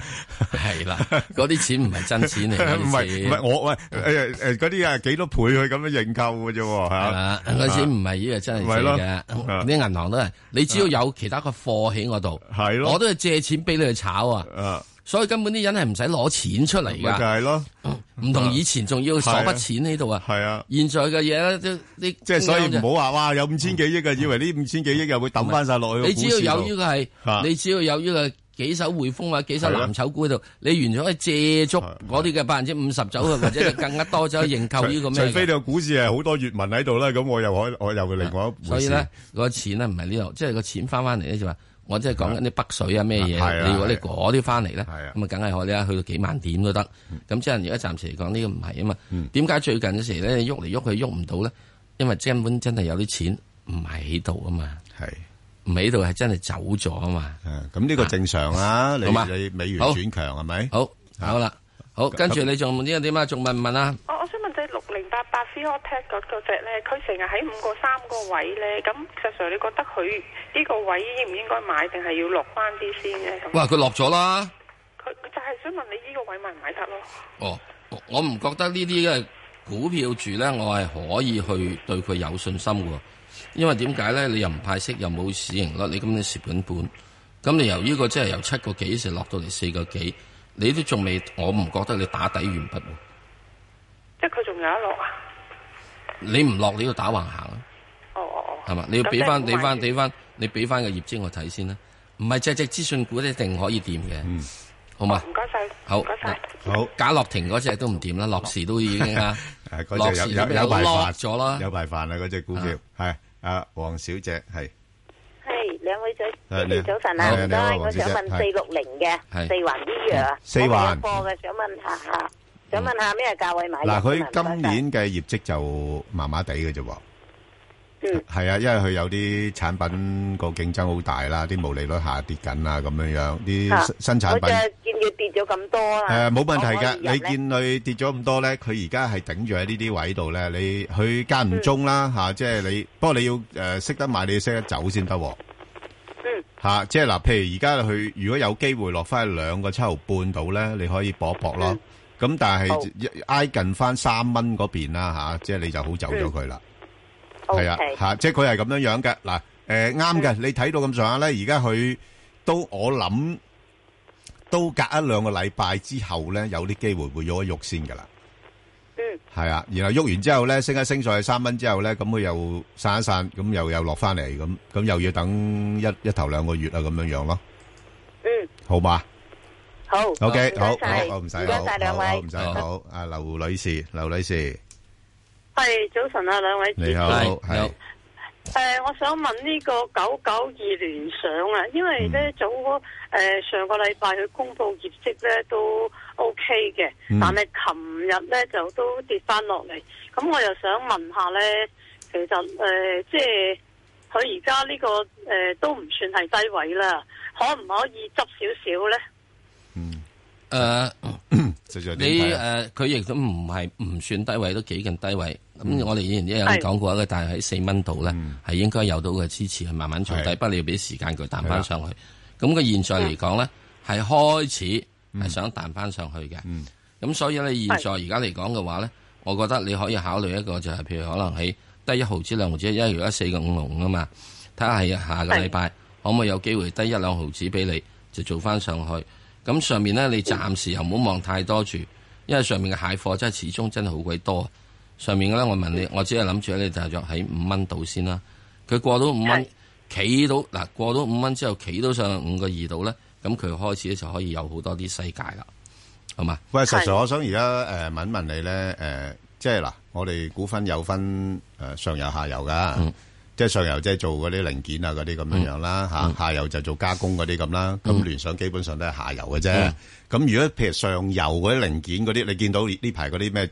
係啦， 嗰啲錢唔係真錢嚟，嘅。唔係唔係我喂誒誒嗰啲啊幾多倍去咁樣認購嘅啫喎嚇，嗰啲的 錢唔係依個真係嘅，啲 銀行都係你只要有其他嘅貨喺我度，係咯 的，我都係借錢俾你去炒啊。 所以根本啲人係唔使攞錢出嚟噶，就係咯，唔同以前仲要攞筆錢喺度啊。係啊，現在嘅嘢咧，即係所以唔好話哇，有五千幾億啊，嗯、以為呢五千幾億又會抌翻晒落去。你只要有呢個係，啊、你只要有呢個幾手匯豐藍啊，幾手藍籌股喺度，你完全可以借足嗰啲嘅百分之五十走啊，啊或者更加多走，認購呢個咩？ 除非你個股市係好多月文喺度啦，咁我又可我又嚟講一、啊。所以咧，嗰個錢呢，唔係呢度，即係個錢翻翻嚟咧就話。我即係講緊啲北水啊咩嘢，如果你嗰啲翻嚟咧，咁啊梗係我哋啊去到幾萬點都得。咁即係而家暫時嚟講呢個唔係啊嘛。點解最近嘅時咧喐嚟喐去喐唔到咧？因為根本真係有啲錢唔喺度啊嘛。係唔喺度係真係走咗啊嘛。咁呢個正常啊？你你美元轉強係咪？好好啦，好跟住你仲呢個點啊？仲問唔問啊？我想問。零八八 COT 嗰嗰隻咧，佢成日喺五個三個位咧，咁實際上你覺得佢呢個位應唔應該買，定係要落翻啲先咧？哇！佢落咗啦，佢就係想問你呢個位買唔買得咯？哦，我唔覺得呢啲嘅股票住咧，我係可以去對佢有信心嘅，因為點解咧？你又唔派息，又冇市盈率，你根本你蝕緊本，咁你由呢、呢個即係由七個幾成落到嚟四個幾，你都仲未，我唔覺得你打底完畢。即係佢仲有得落啊！你唔落，你要打橫行啊！哦哦哦，係嘛，你要俾翻俾翻俾翻，你俾翻個業績我睇先啦。唔係隻隻資訊股一定可以掂嘅。好嘛，唔該曬，好唔該曬，好。賈躍亭嗰隻都唔掂啦，樂視都已經啊，樂有有有排咗啦，有排煩啦嗰隻股票係。阿黃小姐係，係兩位早，早早晨啊，唔該，我想問四六零嘅四環醫藥啊，四環有貨嘅，想問下。想問下咩價位買？嗱，佢今年嘅業績就麻麻地嘅啫。嗯，係啊，因為佢有啲產品個競爭好大啦，啲毛利率下跌緊啦，咁樣樣啲新產品。我就見佢跌咗咁多啊。誒，冇問題㗎，你見佢跌咗咁多咧，佢而家係頂住喺呢啲位度咧。你佢間唔中啦吓，即係你不過你要誒識得買，你要識得走先得。嗯。吓，即係嗱，譬如而家佢如果有機會落翻去兩個七毫半度咧，你可以搏一搏咯。咁但係、oh. 捱近翻三蚊嗰邊啦吓，即係你就好走咗佢啦。係、mm. 啊，吓 Okay.、啊，即係佢係咁樣、啊呃 mm. 樣嘅。嗱，誒，啱嘅，你睇到咁上下咧，而家佢都我諗都隔一兩個禮拜之後咧，有啲機會會喐一喐先噶啦。嗯。係啊，然後喐完之後咧，升一升上去三蚊之後咧，咁佢又散一散，咁又又落翻嚟，咁咁又要等一一頭兩個月啦，咁樣樣咯。嗯、mm.。好嘛。好，O K，好，唔該晒，唔該晒兩位，唔該好，阿劉女士，劉女士，係早晨啊，兩位，你好，係誒，我想問呢個九九二聯想啊，因為咧早誒上個禮拜佢公布業績咧都 O K 嘅，但係琴日咧就都跌翻落嚟，咁我又想問下咧，其實誒即係佢而家呢個誒都唔算係低位啦，可唔可以執少少咧？誒，uh, 你誒，佢亦都唔係唔算低位，都幾近低位。咁、mm. 我哋以前都有講過嘅，但係喺四蚊度咧，係、mm. 應該有到嘅支持，係慢慢從低，不的你要俾啲時間佢彈翻上去。咁佢的現在嚟講咧，係開始係想彈翻上去嘅。咁、mm. 所以咧，現在而家嚟講嘅話咧，我覺得你可以考慮一個就係、是，譬如可能喺低一毫紙兩毫紙，因為如果四嘅五毫啊嘛，睇下係下個禮拜可唔可以有機會低一兩毫紙俾你，就做翻上去。咁上面咧，你暫時又唔好望太多住，因為上面嘅蟹貨真係始終真係好鬼多。上面咧，我問你，我只係諗住你大約喺五蚊度先啦。佢過到五蚊企到嗱，過到五蚊之後企到上五個二度咧，咁佢開始咧就可以有好多啲世界啦。好嘛？喂，石 Sir，我想而家誒問問你咧誒、呃，即係嗱，我哋股份有分誒、呃、上游下游噶。嗯即係上游，即係做嗰啲零件啊，嗰啲咁樣樣啦嚇。下游就做加工嗰啲咁啦。咁聯想基本上都係下游嘅啫。咁如果譬如上游嗰啲零件嗰啲，你見到呢排嗰啲咩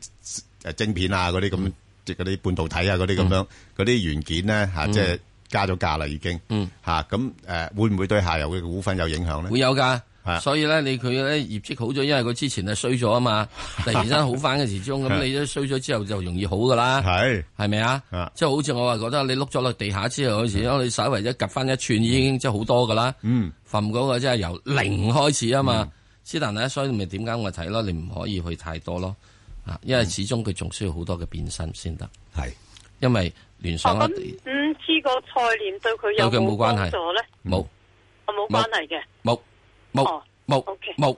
誒晶片啊嗰啲咁，即係嗰啲半導體啊嗰啲咁樣嗰啲元件咧嚇，即係加咗價啦已經嚇。咁誒會唔會對下游嘅股份有影響咧？會有㗎。所以咧，你佢咧業績好咗，因為佢之前係衰咗啊嘛。突然間好翻嘅時鐘，咁你都衰咗之後就容易好噶啦。係，係咪啊？即係好似我話覺得你碌咗落地下之後，好似你稍微一夾翻一寸已經即係好多噶啦。嗯，馴嗰個即係由零開始啊嘛。是但啦，所以咪點解我睇咯？你唔可以去太多咯。啊，因為始終佢仲需要好多嘅變身先得。係，因為聯想。五唔知個概念對佢有冇幫助？冇。冇關係嘅。冇。冇冇冇，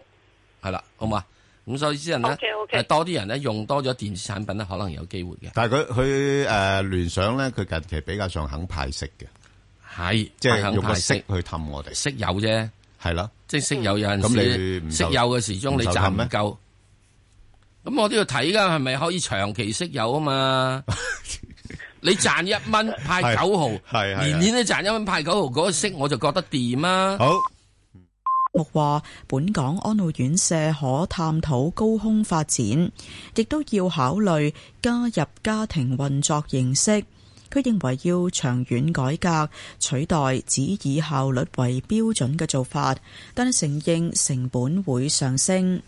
係啦，好嘛？咁所以啲人咧，多啲人咧用多咗電子產品咧，可能有機會嘅。但係佢佢誒聯想咧，佢近期比較上肯派息嘅，係即係肯派息去氹我哋。息有啫，係啦，即係息有有陣時，息有嘅時鐘你賺唔夠。咁我都要睇噶，係咪可以長期息有啊嘛？你賺一蚊派九毫，係年年都賺一蚊派九毫嗰個息，我就覺得掂啊！好。話本港安老院舍可探討高空發展，亦都要考慮加入家庭運作形式。佢認為要長遠改革，取代只以效率為標準嘅做法，但係承認成本會上升。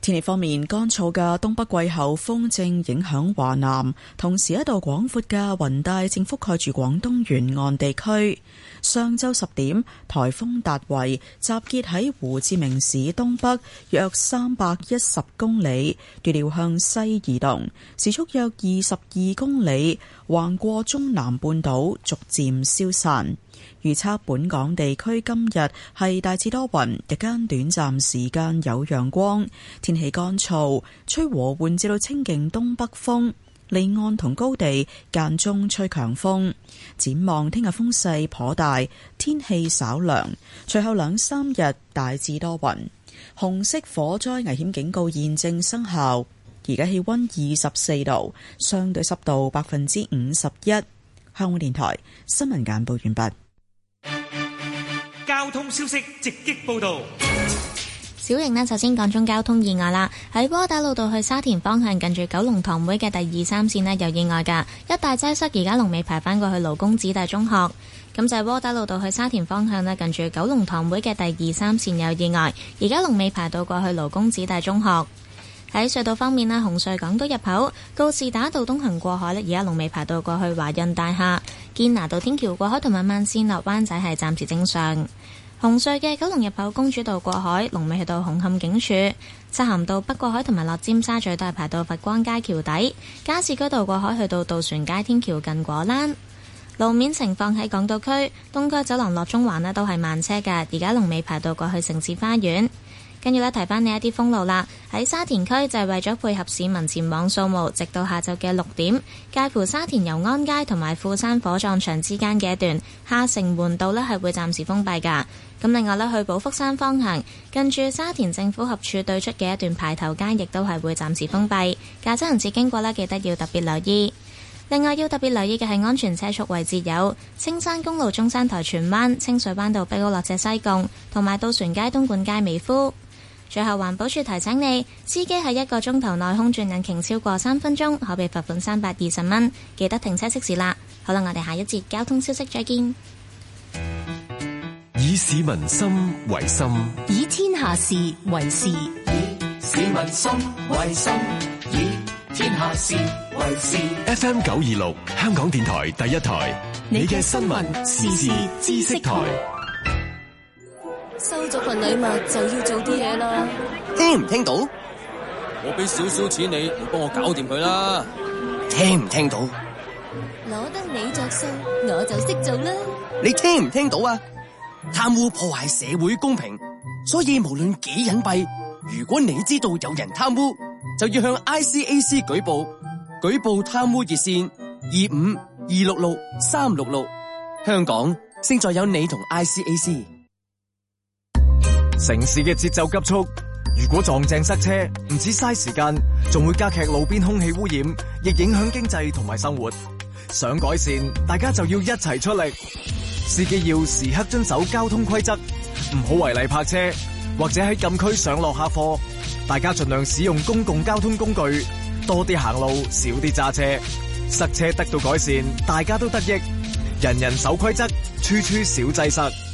天氣方面，乾燥嘅東北季候風正影響華南，同時一道廣闊嘅雲帶正覆蓋住廣東沿岸地區。上週十點，颱風達維集結喺胡志明市東北約三百一十公里，預料向西移動，時速約二十二公里，橫過中南半島，逐漸消散。預測本港地區今日係大致多雲，日間短暫時間有陽光，天氣乾燥，吹和緩至到清勁東北風。離岸同高地間中吹強風，展望聽日風勢頗大，天氣稍涼。隨後兩三日大致多雲，紅色火災危險警告現正生效。而家氣溫二十四度，相對濕度百分之五十一。香港電台新聞簡報完畢。交通消息直擊報道。小瑩呢，首先講中交通意外啦，喺窩打老道去沙田方向近住九龍塘會嘅第二三線呢，有意外噶，一帶擠塞，而家龍尾排翻過去勞工子弟中學。咁就係窩打老道去沙田方向呢，近住九龍塘會嘅第二三線有意外，而家龍尾排到過去勞工子弟中學。喺隧道方面呢，紅隧港島入口、告士打道東行過海呢，而家龍尾排到過去華潤大廈、堅拿道天橋過海同慢慢先落灣仔係暫時正常。紅隧嘅九龍入口公主道過海，龍尾去到紅磡警署；西行到北過海同埋落尖沙咀都係排到佛光街橋底；加士居道過海去到渡船街天橋近果欄。路面情況喺港島區東區走廊落中環咧都係慢車噶，而家龍尾排到過去城市花園。跟住呢，提翻你一啲封路啦。喺沙田區就係為咗配合市民前往掃墓，直到下晝嘅六點，介乎沙田油安街同埋富山火葬場之間嘅一段下城門道呢係會暫時封閉噶。咁另外呢，去寶福山方向近住沙田政府合署對出嘅一段排頭街，亦都係會暫時封閉。駕車人士經過呢，記得要特別留意。另外要特別留意嘅係安全車速位置有青山公路中山台荃灣、清水灣道畢高落社西貢、同埋渡船街東莞街美孚。最後，環保署提醒你，司機喺一個鐘頭內空轉引擎超過三分鐘，可被罰款三百二十蚊。記得停車熄匙啦。好啦，我哋下一節交通消息再見。以市民心為心，以天下事為事。以市民心為心，以天下事為事。FM 九二六，香港電台第一台，你嘅新聞時事知識台。收咗份禮物就要做啲嘢啦，聽唔聽到？我俾少少錢你嚟幫我搞掂佢啦，聽唔聽到？攞得你着數，我就識做啦。你聽唔聽到啊？貪污破壞社會公平，所以無論幾隱蔽，如果你知道有人貪污，就要向 ICAC 舉報，舉報貪污熱線二五二六六三六六，香港勝在有你同 ICAC。城市嘅節奏急速，如果撞正塞車，唔止嘥時間，仲會加劇路邊空氣污染，亦影響經濟同埋生活。想改善，大家就要一齊出力。司機要時刻遵守交通規則，唔好違例泊車，或者喺禁區上落客貨。大家盡量使用公共交通工具，多啲行路，少啲揸車。塞車得到改善，大家都得益。人人守規則，處處少擠塞。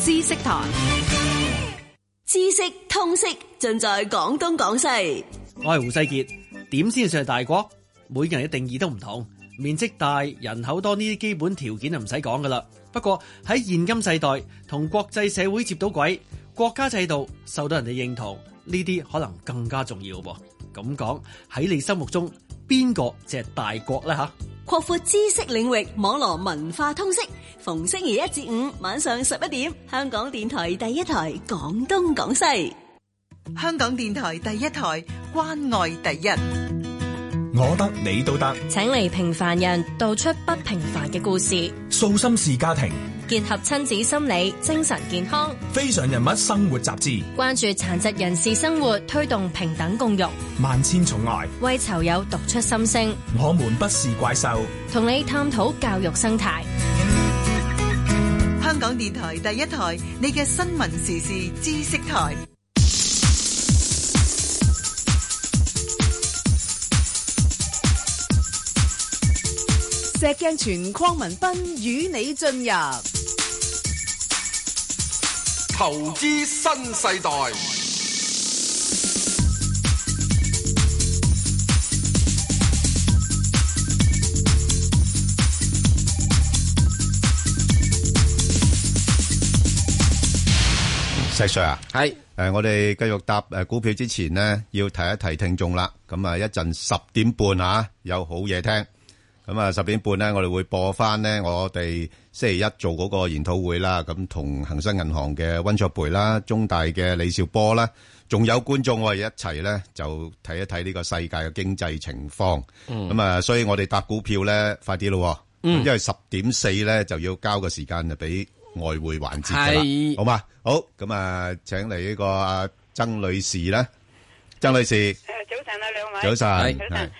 知識台，知識通識盡在廣東廣西。我係胡世傑，點先算係大國？每個人嘅定義都唔同，面積大、人口多呢啲基本條件就唔使講噶啦。不過喺現今世代，同國際社會接到軌，國家制度受到人哋認同，呢啲可能更加重要噃。咁講喺你心目中邊個正係大國呢？吓？擴闊知識領域，網絡文化通識。逢星期一至五晚上十一點，香港電台第一台廣東廣西。香港電台第一台關愛第一，我得你都得，請嚟平凡人道出不平凡嘅故事。訴心事家庭。結合親子心理、精神健康，《非常人物生活雜誌》關注殘疾人士生活，推動平等共融。萬千寵愛，為囚友讀出心聲。我們不是怪獸，同你探討教育生態。香港電台第一台，你嘅新聞時事知識台。石鏡泉、鄺民彬與你進入。投資新世代，石 Sir 啊，係，誒，我哋繼續答誒股票之前呢，要提一提聽眾啦。咁啊，一陣十點半啊，有好嘢聽。咁啊，十點半呢，我哋會播翻呢，我哋。星期一做嗰個研討會啦，咁同恒生銀行嘅温卓培啦、中大嘅李兆波啦，仲有觀眾我哋一齊咧就睇一睇呢個世界嘅經濟情況。咁啊，所以我哋搭股票咧快啲咯，因為十點四咧就要交個時間就俾外匯環節啦。好嘛，好。咁啊，請嚟呢個阿曾女士啦，曾女士，早晨啊，兩位，早晨，早晨。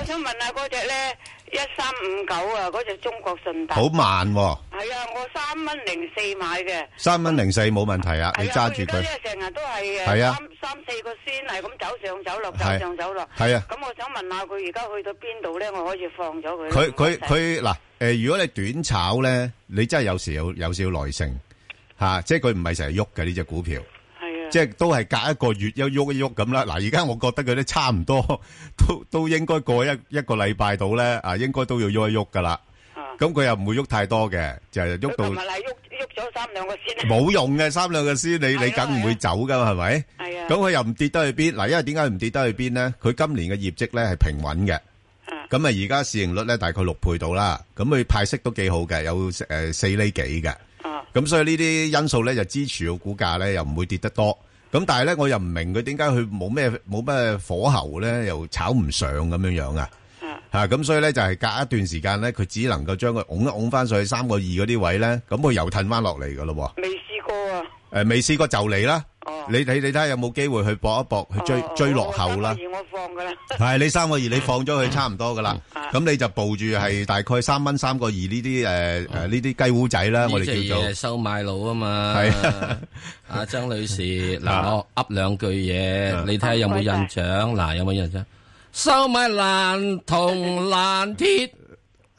我想問下嗰隻咧。一三五九啊！嗰隻中國信達好慢喎、啊。係啊，我三蚊零四買嘅。三蚊零四冇問題啊，你揸住佢。係啊，而家成日都係誒、啊，三三四個先係咁走上走落，啊、走上走落。係啊。咁我想問下佢而家去到邊度咧？我可以放咗佢。佢佢佢嗱誒，如果你短炒咧，你真係有時有有少耐性吓、啊，即係佢唔係成日喐嘅呢隻股票。即係都係隔一個月一喐一喐咁啦，嗱而家我覺得佢都差唔多，都都應該過一一個禮拜到咧，啊應該都要喐一喐噶啦。咁佢又唔會喐太多嘅，就係喐到。唔係喐喐咗三兩個先。冇用嘅，三兩個先，你你梗唔會走噶，係咪？係啊。咁佢又唔跌得去邊？嗱，因為點解唔跌得去邊咧？佢今年嘅業績咧係平穩嘅。嗯。咁啊，而家市盈率咧大概六倍到啦。咁佢派息都幾好嘅，有誒四厘幾嘅。咁、嗯、所以呢啲因素咧就支持個股價咧又唔會跌得多，咁但係咧我又唔明佢點解佢冇咩冇乜火候咧，又炒唔上咁樣樣啊？吓咁、嗯嗯嗯、所以咧就係、是、隔一段時間咧，佢只能夠將佢拱一拱翻上去三個二嗰啲位咧，咁佢又褪翻落嚟噶咯。未試過啊？誒、呃，未試過就嚟啦。你你你睇下有冇機會去搏一搏，去追追落後啦。二我放噶啦，係你三個二你放咗佢差唔多噶啦，咁你就抱住係大概三蚊三個二呢啲誒誒呢啲雞烏仔啦，我哋叫做收買佬啊嘛。係阿張女士嗱，我噏兩句嘢，你睇下有冇印象？嗱，有冇印象？收買爛銅爛鐵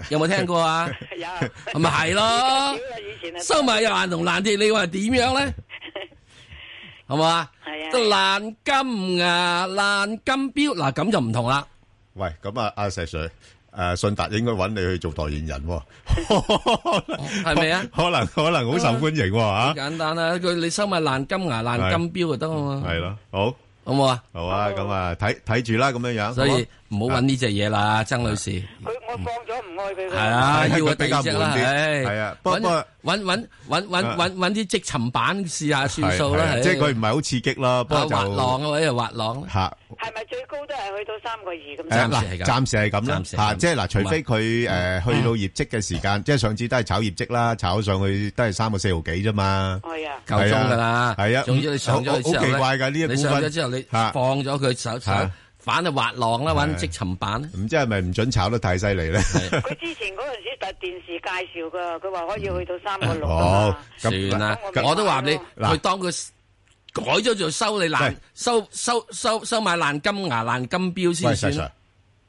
有冇聽過啊？有咁咪係咯？收買爛銅爛鐵，你話係點樣咧？係嘛？爛、啊、金牙、爛金標，嗱、啊、咁就唔同啦。喂，咁啊，阿石水，誒、啊，信達應該揾你去做代言人、哦，係咪啊？可能可能好受歡迎吓、啊。啊啊、簡單啦，佢你收埋爛金牙、爛金標就得啊嘛。係咯、啊，好，好冇嗎啊？好啊，咁啊，睇睇住啦，咁樣樣。所以。唔好揾呢隻嘢啦，曾女士。佢我放咗唔愛俾佢。係啊，要嘅底隻啦，係。係啊，不過揾揾揾揾揾揾啲直沉板試下算數啦。即係佢唔係好刺激咯。滑浪嘅話就滑浪。吓，係咪最高都係去到三個二咁？暫時係咁啦。吓，即係嗱，除非佢誒去到業績嘅時間，即係上次都係炒業績啦，炒上去都係三個四毫幾啫嘛。係啊，夠鐘噶啦。係啊。仲要上咗去之後咧，你上咗之後你放咗佢手手。反係滑浪啦，揾積沉板，唔知係咪唔準炒得太犀利咧？佢之前嗰陣時，就係電視介紹噶，佢話可以去到三個六。哦，算啦，我都話你，佢當佢改咗做收你爛收收收收買爛金牙、爛金錶先算。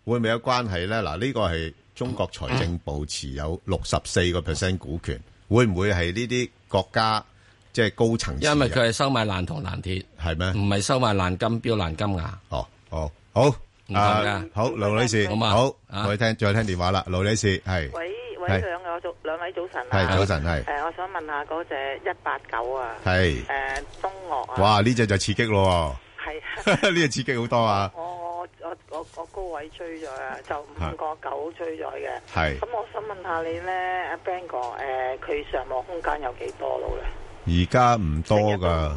會唔會有關係咧？嗱，呢個係中國財政部持有六十四個 percent 股權，會唔會係呢啲國家即係高層？因為佢係收買爛銅、爛鐵，係咩？唔係收買爛金錶、爛金牙。哦，哦。好啊，好盧女士，好，我聽，再聽電話啦，盧女士係。喂喂，兩嘅早，兩位早晨啊，係早晨係。誒，我想問下嗰隻一八九啊，係。誒，東岳啊。哇，呢隻就刺激咯。係。呢隻刺激好多啊。我我我我高位追咗嘅，就五個九追咗嘅。係。咁我想問下你咧，阿 Ben 哥，誒，佢上落空間有幾多路咧？而家唔多噶。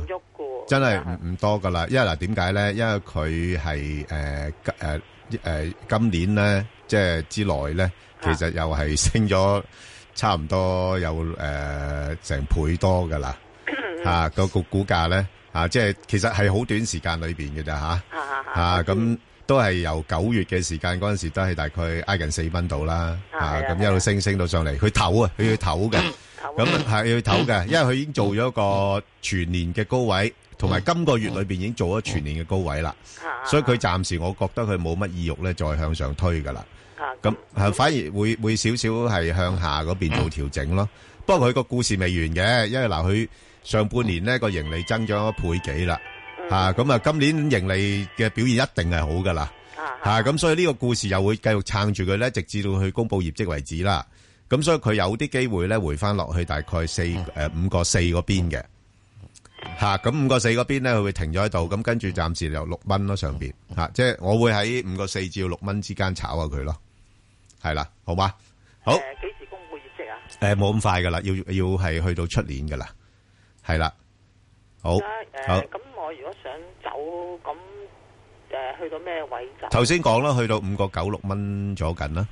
真係唔唔多噶啦，因為嗱點解咧？因為佢係誒誒誒，今年咧即係之內咧，其實又係升咗差唔多有誒成倍多噶啦，吓嗰個股價咧，吓即係其實係好短時間裏邊嘅咋吓，吓咁都係由九月嘅時間嗰陣時都係大概挨近四蚊度啦，吓咁一路升升到上嚟，佢唞啊，佢要唞嘅，咁係要唞嘅，因為佢已經做咗個全年嘅高位。同埋今個月裏邊已經做咗全年嘅高位啦，所以佢暫時我覺得佢冇乜意欲咧再向上推噶啦，咁係反而會會少少係向下嗰邊做調整咯。不過佢個故事未完嘅，因為嗱佢上半年呢個盈利增長一倍幾啦，吓咁啊今年盈利嘅表現一定係好噶啦，吓咁所以呢個故事又會繼續撐住佢咧，直至到去公布業績為止啦。咁所以佢有啲機會咧回翻落去大概四誒五個四嗰邊嘅。吓咁五個四嗰邊咧，佢會停咗喺度，咁跟住暫時由六蚊咯，上邊，吓即係我會喺五個四至六蚊之間炒下佢咯，係啦，好嗎？好。誒，幾時公布業績啊？誒，冇咁快噶啦，要要係去到出年噶啦，係啦，好。好。咁我如果想走，咁誒去到咩位？頭先講啦，去到五個九六蚊左近啦。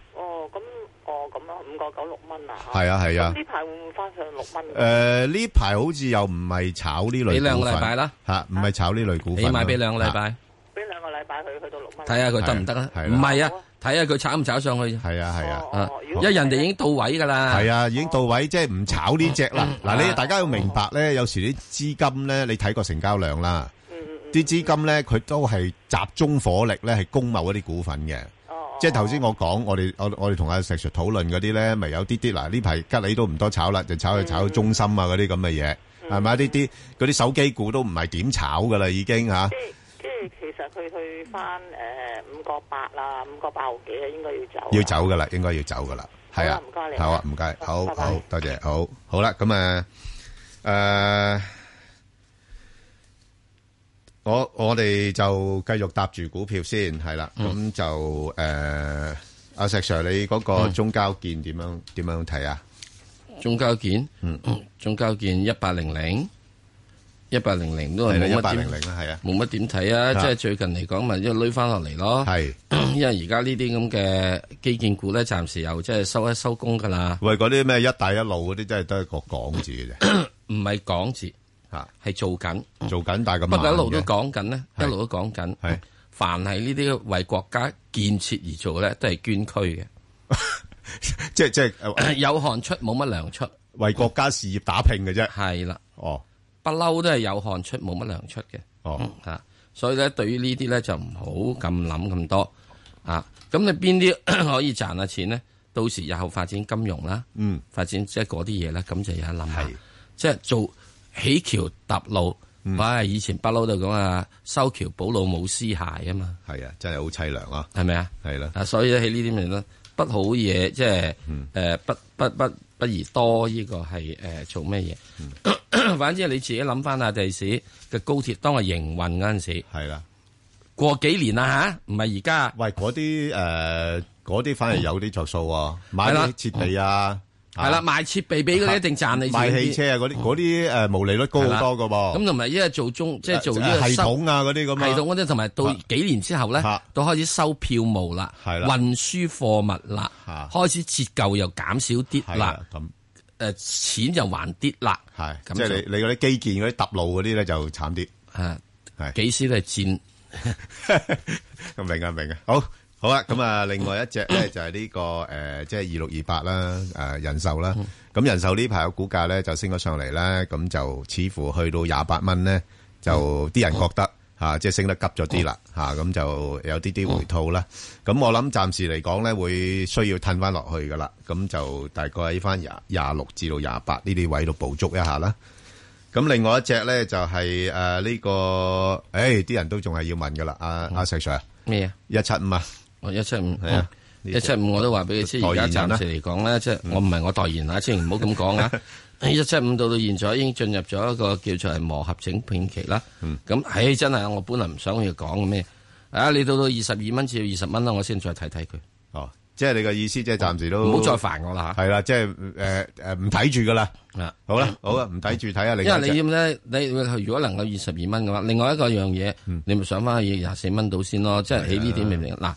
咁咯，五個九六蚊啊。係啊，係啊，呢排會唔會翻上六蚊？誒，呢排好似又唔係炒呢類。俾兩個禮拜啦，嚇，唔係炒呢類股份。你買俾兩個禮拜，俾兩個禮拜佢去到六蚊。睇下佢得唔得啊？唔係啊，睇下佢炒唔炒上去。係啊係啊，因為人哋已經到位噶啦。係啊，已經到位，即係唔炒呢隻啦。嗱，你大家要明白咧，有時啲資金咧，你睇個成交量啦，啲資金咧，佢都係集中火力咧，係攻某一啲股份嘅。即係頭先我講，我哋我我哋同阿石叔討論嗰啲咧，咪有啲啲嗱呢排吉利都唔多炒啦，就炒去炒去中心啊嗰啲咁嘅嘢，係咪啊啲啲嗰啲手機股都唔係點炒噶啦已經吓，即係即係其實佢去翻誒五個八啊五個八毫幾啊應該要走，要走噶啦，應該要走噶啦，係啊唔該你，好啊唔該，好好多謝，好好啦咁啊誒。我我哋就繼續搭住股票先，係啦，咁、嗯、就誒，阿、呃、石 Sir，你嗰個中交建點樣點、嗯、樣睇啊？中交建，嗯，中交建一八零零，一八零零都係冇乜點，冇乜點睇啊！是的 即係最近嚟講，咪一捋翻落嚟咯。係，是的 因為而家呢啲咁嘅基建股咧，暫時又即係收一收工噶啦。喂，嗰啲咩一帶一路嗰啲，真係都係個港字嘅啫，唔係港字。係做緊，做緊，但係咁。不過一路都講緊咧，一路都講緊。係凡係呢啲為國家建設而做咧，都係捐軀嘅。即係即係有汗出，冇乜糧出。為國家事業打拼嘅啫。係啦的。哦，不嬲都係有汗出，冇乜糧出嘅。哦，吓、嗯，所以咧，對於呢啲咧，就唔好咁諗咁多。啊，咁你邊啲 可以賺下錢咧？到時日後發展金融啦，嗯，發展即係嗰啲嘢咧，咁就有想想一諗下。即係是、就是、做。起橋搭路，哇、嗯！以前不嬲就講啊，修橋補路冇屍骸啊嘛。係啊，真係好凄涼咯。係咪啊？係啦吧。啊，啊所以喺呢啲嘢咧，不好嘢，即係誒，不不、嗯呃、不，不宜多呢、這個係誒、呃，做咩嘢、嗯？ 反正你自己諗翻啊，第時嘅高鐵當係營運嗰陣時，係啦，過幾年啦吓，唔係而家。喂，嗰啲誒，嗰啲反而有啲着數啊，買啲設備啊。係啦，賣設備俾佢一定賺你錢。賣汽車啊，嗰啲嗰啲誒，毛利率高好多噶噃。咁同埋因為做中即係做呢個系統啊嗰啲，咁系統啲同埋到幾年之後咧，到開始收票務啦，運輸貨物啦，開始折舊又減少啲啦，咁誒錢就還啲啦。係，即係你你嗰啲基建嗰啲揼路嗰啲咧就慘啲。係，幾時都係賺。明啊明啊，好。好啦，咁啊，另外一隻咧就係呢個誒，即係二六二八啦，誒，人壽啦。咁人壽呢排嘅股價咧就升咗上嚟啦，咁就似乎去到廿八蚊咧，就啲人覺得吓，即係升得急咗啲啦，吓，咁就有啲啲回吐啦。咁我諗暫時嚟講咧，會需要褪翻落去噶啦，咁就大概喺翻廿廿六至到廿八呢啲位度補足一下啦。咁另外一隻咧就係誒呢個，誒，啲人都仲係要問噶啦，阿阿石 Sir 啊，咩啊？一七五啊？一七五係啊，一七五我都話俾你知，而家暫時嚟講咧，即係我唔係我代言啊，千祈唔好咁講啊。一七五到到現在已經進入咗一個叫做係磨合整片期啦。咁誒真係我本來唔想要講嘅咩啊，你到到二十二蚊至到二十蚊啦，我先再睇睇佢。哦，即係你嘅意思，即係暫時都唔好再煩我啦。係啦，即係誒誒，唔睇住噶啦。好啦，好啊，唔睇住睇下你。因為你要咧，你如果能夠二十二蚊嘅話，另外一個樣嘢，你咪上翻去廿四蚊到先咯。即係喺呢點明明嗱？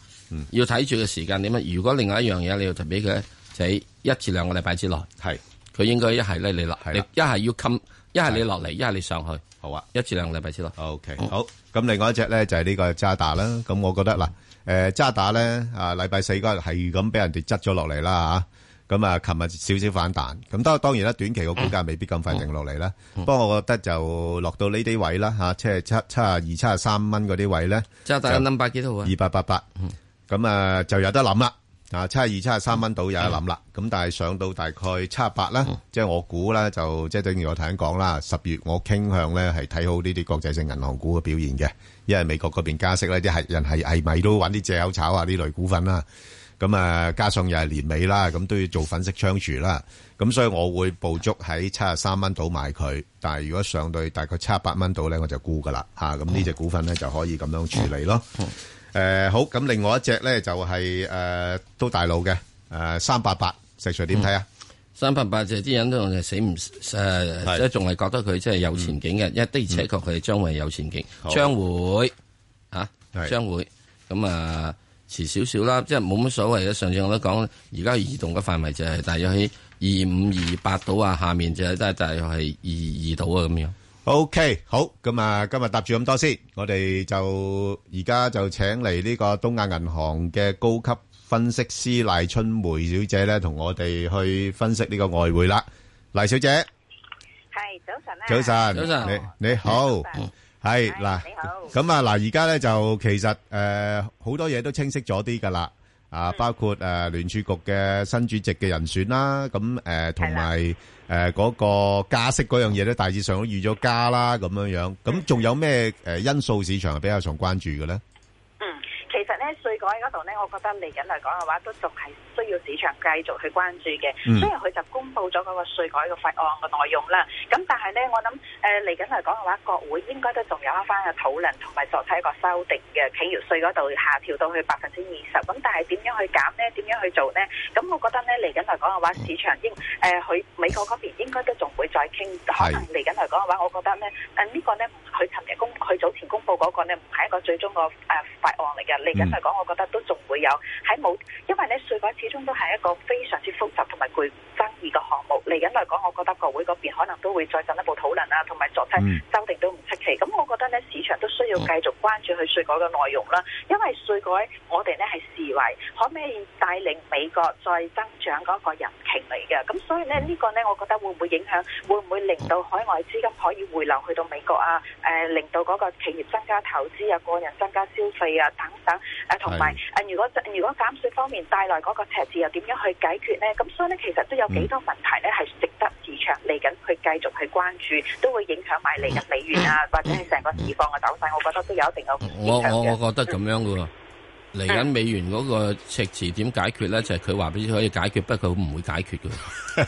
要睇住個時間點乜？如果另外一樣嘢你要就俾佢，就喺一次兩個禮拜之內，係佢應該一係咧你落，一係要冚，一係你落嚟，一係你上去。好啊，一次兩個禮拜之內。OK，好。咁另外一隻咧就係呢個渣打啦。咁我覺得嗱，誒渣打咧啊禮拜四嗰日係咁俾人哋執咗落嚟啦吓。咁啊，琴日少少反彈。咁都當然啦，短期個股價未必咁快定落嚟啦。不過我覺得就落到呢啲位啦吓，即係七七廿二、七廿三蚊嗰啲位咧。渣打。number 幾號啊？二八八八。咁啊，嗯、就有得諗啦。啊，七十二、七十三蚊度有得諗啦。咁但係上到大概七十八啦，即係、嗯、我估啦，就即係等於我頭先講啦。十月我傾向咧係睇好呢啲國際性銀行股嘅表現嘅，因為美國嗰邊加息咧，啲係人係係咪都揾啲借口炒下呢類股份啦？咁啊，加上又係年尾啦，咁都要做粉飾櫥窗啦。咁所以我會捕捉喺七十三蚊度買佢，但係如果上到大概七十八蚊度咧，我就沽噶啦。吓、嗯，咁呢隻股份咧就可以咁樣處理咯。誒、呃，好，咁另外一隻咧就係、是、誒、呃、都大路嘅，誒、呃、三八八，石 Sir 點睇啊？三八八就啲人都死唔誒，呃、是即係仲係覺得佢即係有前景嘅，一的而且確佢係將會有前景，將、嗯、會啊，將是會咁啊，遲少少啦，即係冇乜所謂嘅。上次我都講，而家移動嘅範圍就係大約喺二五二八到啊，下面就係都係大約係二二到啊咁樣。O K，好咁啊！今日答住咁多先，我哋就而家就請嚟呢個東亞銀行嘅高級分析師賴春梅小姐咧，同我哋去分析呢個外匯啦。賴小姐，係早晨啊，早晨，早晨，你你好，係嗱，你好，咁啊嗱，而家咧就其實誒好多嘢都清晰咗啲噶啦，啊包括誒聯儲局嘅新主席嘅人選啦，咁誒同埋。誒嗰個加息嗰樣嘢咧，大致上都預咗加啦，咁樣樣。咁仲有咩誒因素？市場比較常關注嘅咧？喺嗰度咧，嗯、我覺得嚟緊嚟講嘅話，都仲係需要市場繼續去關注嘅。所以佢就公布咗嗰個稅改嘅法案嘅內容啦，咁但係咧，我諗誒嚟緊嚟講嘅話，國會應該都仲有一番嘅討論同埋作出一個修訂嘅企業稅嗰度下調到去百分之二十。咁但係點樣去減呢？點樣去做呢？咁我覺得呢，嚟緊嚟講嘅話，市場應誒佢美國嗰邊應該都仲會再傾。可能嚟緊嚟講嘅話，我覺得呢，誒呢是、呃這個呢，佢尋日公佢早前公布嗰個咧，唔係一個最終個誒、呃、法案嚟嘅。嚟緊嚟講，我覺得都仲會有喺冇，因為咧稅改始終都係一個非常之複雜同埋具爭議嘅項目。嚟緊嚟講，我覺得國會嗰邊可能都會再進一步討論啊，同埋作出修訂都唔出奇。咁、嗯、我覺得呢，市場都需要繼續關注佢稅改嘅內容啦。因為稅改我哋呢係視為可唔可以帶領美國再增長嗰一個引擎嚟嘅。咁、嗯、所以呢，呢、呢個呢，我覺得會唔會影響，會唔會令到海外資金可以回流去到美國啊？誒、呃，令到嗰個企業增加投資啊，個人增加消費啊，等等。誒、啊，同埋。誒，如果如果減稅方面帶來嗰個赤字又點樣去解決咧？咁所以咧，其實都有幾多問題咧，係值得市場嚟緊去繼續去關注，都會影響埋嚟緊美元啊，或者係成個市況嘅走勢。我覺得都有一定嘅影響。我我我覺得咁樣噶。 嚟緊美元嗰個赤字點解決咧？就係佢話俾你可以解決，不過佢唔會解決嘅，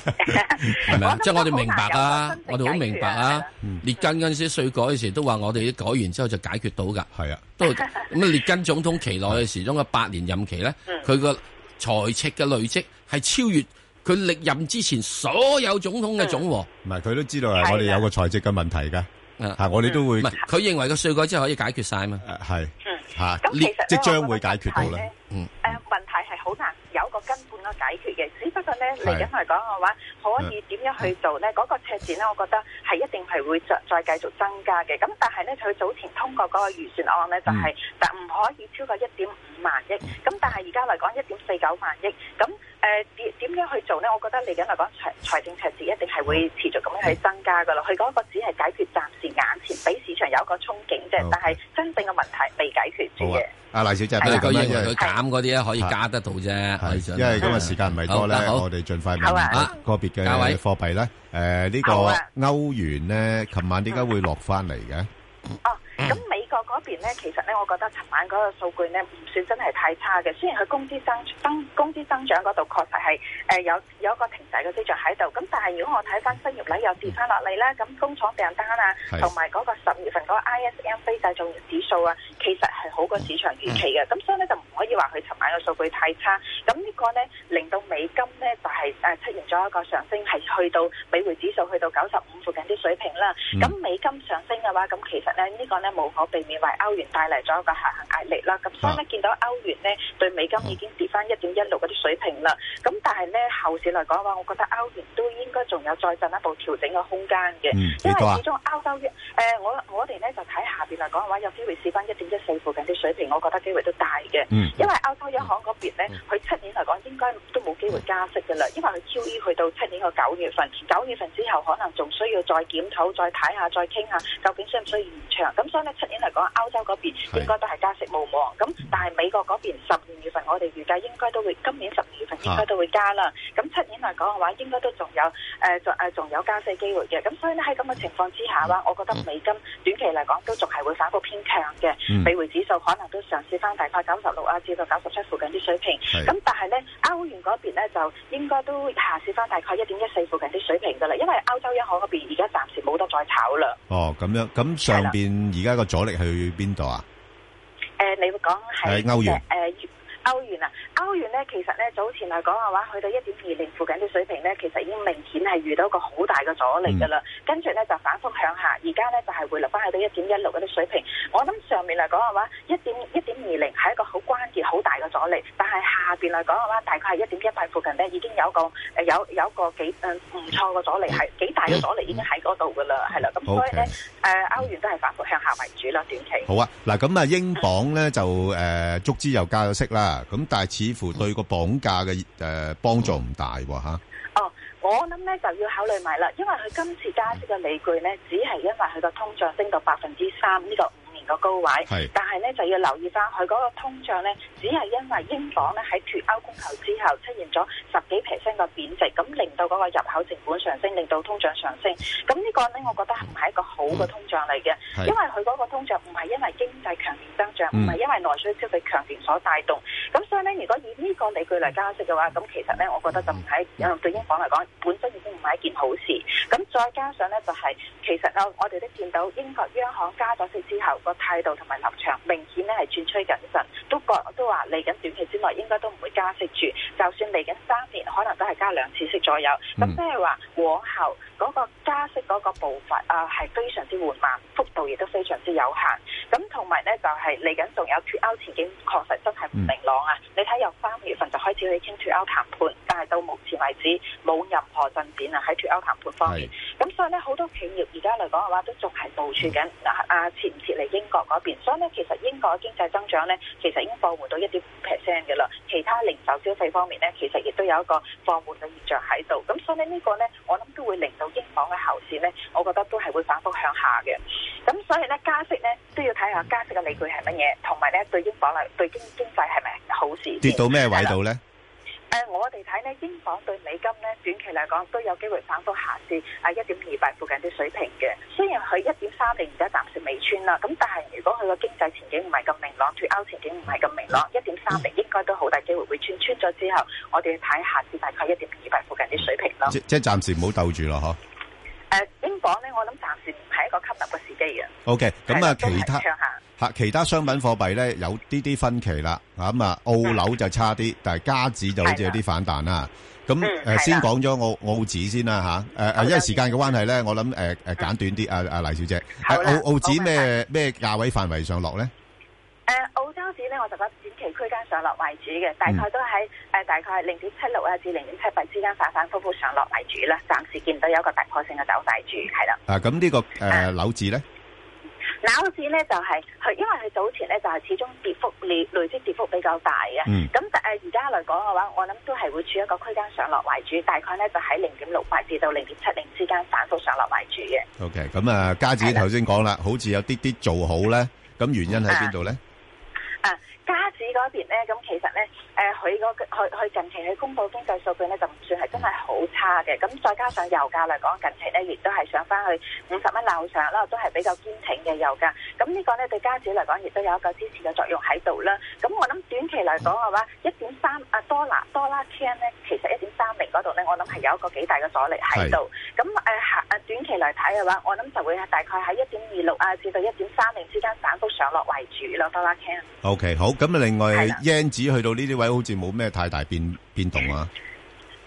係咪？即係我哋明白啊，我哋好明白啊。列根嗰陣時稅改嗰時都話，我哋改完之後就解決到㗎。係啊，都咁啊。列根總統期內嘅時，中嘅八年任期咧，佢個財赤嘅累積係超越佢歷任之前所有總統嘅總和。唔係佢都知道係我哋有個財赤嘅問題㗎。啊！我哋都會唔係佢認為個稅改之後可以解決晒嘛？誒係，嗯嚇，咁其實即將會解決到啦。嗯誒，問題係好難有個根本嘅解決嘅，只不過咧嚟緊嚟講嘅話，可以點樣去做咧？嗰個赤字咧，我覺得係一定係會再再繼續增加嘅。咁但係咧，佢早前通過嗰個預算案咧，就係但唔可以超過一點五萬億。咁但係而家嚟講一點四九萬億咁。誒，點點樣去做咧？我覺得嚟緊嚟講，財財政赤字一定係會持續咁樣去增加噶啦。佢嗰個只係解決暫時眼前，俾市場有一個憧憬啫。但係真正嘅問題未解決住嘅。阿黎小姐係啦，因為佢減嗰啲咧可以加得到啫。係因為今日時間唔係多咧，我哋盡快問下個別嘅貨幣咧。誒，呢個歐元咧，琴晚點解會落翻嚟嘅？咁美國嗰邊咧，其實咧，我覺得尋晚嗰個數據咧唔算真係太差嘅。雖然佢工資增增工資增長嗰度確實係誒、呃、有有個停滯嘅跡象喺度，咁但係如果我睇翻失業率又跌翻落嚟咧，咁工廠訂單啊，同埋嗰個十月份嗰個 ISM 非製造業指數啊，其實係好過市場預期嘅。咁所以咧就唔可以話佢尋晚嘅數據太差。咁呢個咧令到美金咧就係、是、誒、呃、出現咗一個上升，係去到美匯指數去到九十五附近啲水平啦。咁美金上升嘅話，咁其實咧呢、這個咧。無可避免為歐元帶嚟咗一個下行壓力啦，咁所以呢，見到歐元呢對美金已經跌翻一點一六嗰啲水平啦，咁但係呢，後市嚟講嘅話，我覺得歐元都應該仲有再進一步調整嘅空間嘅，因為始終歐洲央行誒，我我哋呢就睇下邊嚟講嘅話，有機會試翻一點一四附近啲水平，我覺得機會都大嘅，因為歐洲央行嗰邊呢，佢七年嚟講應該都冇機會加息噶啦，因為佢 QE 去到七年嘅九月份，九月份之後可能仲需要再檢討、再睇下、再傾下，究竟需唔需要延長，咁所咁出年嚟講，歐洲嗰邊應該都係加息無望。咁但係美國嗰邊十二月份，我哋預計應該都會今年十二月份應該都會加啦。咁出年嚟講嘅話，應該都仲有誒，仲仲有加息機會嘅。咁所以呢，喺咁嘅情況之下啦，我覺得美金短期嚟講都仲係會反覆偏強嘅。美匯指數可能都上試翻大概九十六啊至到九十七附近啲水平。咁但係呢，歐元嗰邊咧，就應該都下試翻大概一點一四附近啲水平㗎啦。因為歐洲央行嗰邊而家暫時冇得再炒啦。哦，咁樣咁上邊而家。一個阻力去邊度啊？誒、呃，你會講係歐元誒。歐元啊，歐元咧，其實咧早前嚟講嘅話，去到一點二零附近啲水平咧，其實已經明顯係遇到一個好大嘅阻力㗎啦。嗯、跟住咧就反覆向下，而家咧就係、是、回落翻去到一點一六嗰啲水平。我諗上面嚟講嘅話，一點一點二零係一個好關鍵、好大嘅阻力。但係下邊嚟講嘅話，大概係一點一八附近咧，已經有一個誒有有一個幾誒唔錯嘅阻力，係幾大嘅阻力已經喺嗰度㗎啦，係啦。咁、嗯、所以咧，誒 Okay. 歐元都係反覆向下為主啦，短期。好啊，嗱咁啊，英鎊咧就誒、呃、足之又加咗息啦。咁但係似乎對個房價嘅誒幫助唔大喎，吓、啊。哦，我諗咧就要考慮埋啦，因為佢今次加息嘅理據咧，只係因為佢個通脹升到百分之三呢個個高位，但係咧就要留意翻佢嗰個通脹咧，只係因為英鎊咧喺脫歐公投之後出現咗十幾 percent 個貶值，咁令到嗰個入口成本上升，令到通脹上升。咁呢個咧，我覺得唔係一個好嘅通脹嚟嘅，的因為佢嗰個通脹唔係因為經濟強勁增長，唔係的因為內需消費強勁所帶動。咁、嗯、所以咧，如果以呢個理據嚟加息嘅話，咁其實咧，我覺得就唔係，對英鎊嚟講本身已經唔係一件好事。咁再加上咧，就係、是、其實咧，我哋都見到英國央行加咗息之後態度同埋立場明顯咧係轉趨謹慎，都覺都話嚟緊短期之內應該都唔會加息住，就算嚟緊三年可能都係加兩次息左右，咁即係話往後。嗰個加息嗰個步伐啊，係、呃、非常之緩慢，幅度亦都非常之有限。咁同埋咧，就係嚟緊仲有脫歐前景，確實真係唔明朗啊！嗯、你睇由三月份就開始去傾脫歐談判，但係到目前為止冇任何進展啊！喺脫歐談判方面，咁是所以咧，好多企業而家嚟講嘅話，都仲係部署緊、嗯、啊啊撤唔撤離嚟英國嗰邊。所以咧，其實英國嘅經濟增長咧，其實已經放緩到一點五 percent 嘅啦。其他零售消費方面咧，其實亦都有一個放緩嘅現象喺度。咁所以咧，呢個咧，我諗都會令到。英鎊嘅後市咧，我覺得都係會反覆向下嘅。咁所以咧，加息咧都要睇下加息嘅理據係乜嘢，同埋咧對英鎊啊對經經濟係咪好事？跌到咩位度咧？誒、呃，我哋睇呢，英鎊對美金呢，短期嚟講都有機會反覆下跌啊，一點二八附近啲水平嘅。雖然佢一點三零而家暫時未穿啦，咁但係如果佢個經濟前景唔係咁明朗，脫歐、嗯、前景唔係咁明朗，一點三零應該都好大機會會穿，穿咗之後，我哋睇下跌大概係一點二八附近啲水平咯、嗯。即係暫時唔好斗住咯，嗬？誒、呃，英鎊呢，我諗暫時唔係一個吸納嘅時機嘅。O K，咁啊，是其他。其他商品貨幣咧有啲啲分歧啦，咁啊澳樓就差啲，但係加紙就好似有啲反彈啦。咁誒先講咗澳澳紙先啦嚇，誒誒因為時間嘅關係咧，我諗誒誒簡短啲啊啊黎小姐，係澳澳紙咩咩價位範圍上落咧？誒澳洲指咧，我就覺得短期區間上落為主嘅，大概都喺誒大概零點七六啊至零點七八之間反反覆覆上落為主啦。暫時見到有一個突破性嘅走勢住，係啦。啊咁呢個誒樓指咧？嗱，好似咧就係、是、佢，因為佢早前咧就係、是、始終跌幅累累積跌幅比較大嘅，咁、嗯、但係而家嚟講嘅話，我諗都係會處一個區間上落為主，大概咧就喺零點六八至到零點七零之間反覆上落為主嘅。OK，咁啊，家子頭先講啦， 好似有啲啲做好咧，咁原因喺邊度咧？啊，家子嗰邊咧，咁其實咧。誒佢個佢佢近期佢公布經濟數據咧，就唔算係真係好差嘅。咁再加上油價嚟講，近期咧亦都係上翻去五十蚊樓上啦，都係比較堅挺嘅油價。咁呢個咧對加紙嚟講，亦都有一個支持嘅作用喺度啦。咁我諗短期嚟講嘅話，一點三啊多拿多啦 can 咧，其實一點三零嗰度咧，我諗係有一個幾大嘅阻力喺度。咁誒是、啊、短期嚟睇嘅話，我諗就會大概喺一點二六啊至到一點三零之間反覆上落為主咯。多啦 can。O、okay, K，好咁啊，另外的 yen 子去到呢啲位。都好似冇咩太大變變動啊！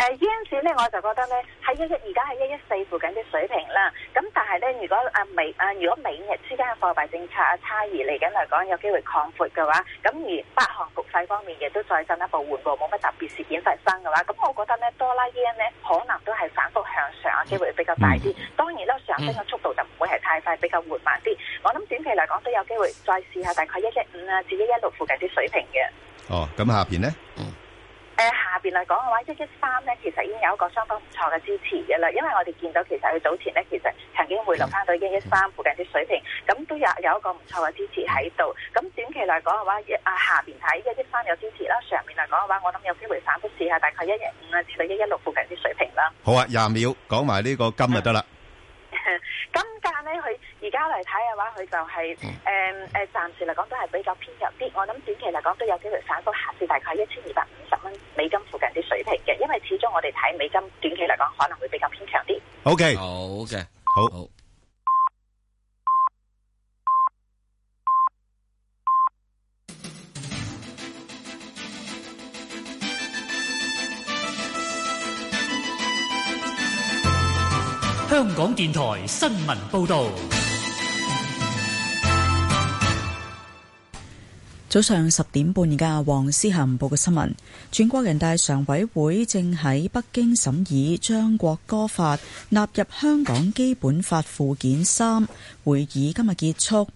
誒 Yen 呢、uh，，我就覺得呢，喺一一而家喺一一四附近啲水平啦。咁但係呢，如果誒、啊、美誒、啊、如果美日之間嘅貨幣政策啊差異嚟緊嚟講有機會擴闊嘅話，咁而北韓局勢方面亦都再進一步緩步，冇乜特別事件發生嘅話，咁我覺得呢，多拉 Yen 可能都係反復向上嘅機會比較大啲。Mm. 當然啦，上升嘅速度就唔會係太快，比較緩慢啲。我諗短期嚟講都有機會再試下大概一一五啊至一一六附近啲水平嘅。哦，咁下邊呢，誒、嗯，下邊嚟講嘅話，一一三呢其實已經有一個相當唔錯嘅支持嘅啦。因為我哋見到其實佢早前呢，其實曾經回流翻到一一三附近啲水平，咁、嗯、都有有一個唔錯嘅支持喺度。咁、嗯、短期嚟講嘅話，啊下邊睇一一三有支持啦，上面嚟講嘅話，我諗有機會反覆試下大概一一五啊至到一一六附近啲水平啦。好啊，廿秒講埋呢個金就得啦。嗯而家嚟睇嘅話，佢就係誒誒，暫時嚟講都係比較偏弱啲。我諗短期嚟講都有機會反覆下至大概一千二百五十蚊美金附近啲水平嘅，因為始終我哋睇美金短期嚟講可能會比較偏強啲。OK，好嘅，好好。香港電台新聞報道。早上十點半，而家黃思涵報嘅新聞。全國人大常委會正喺北京審議將國歌法納入香港基本法附件三。會議今日結束，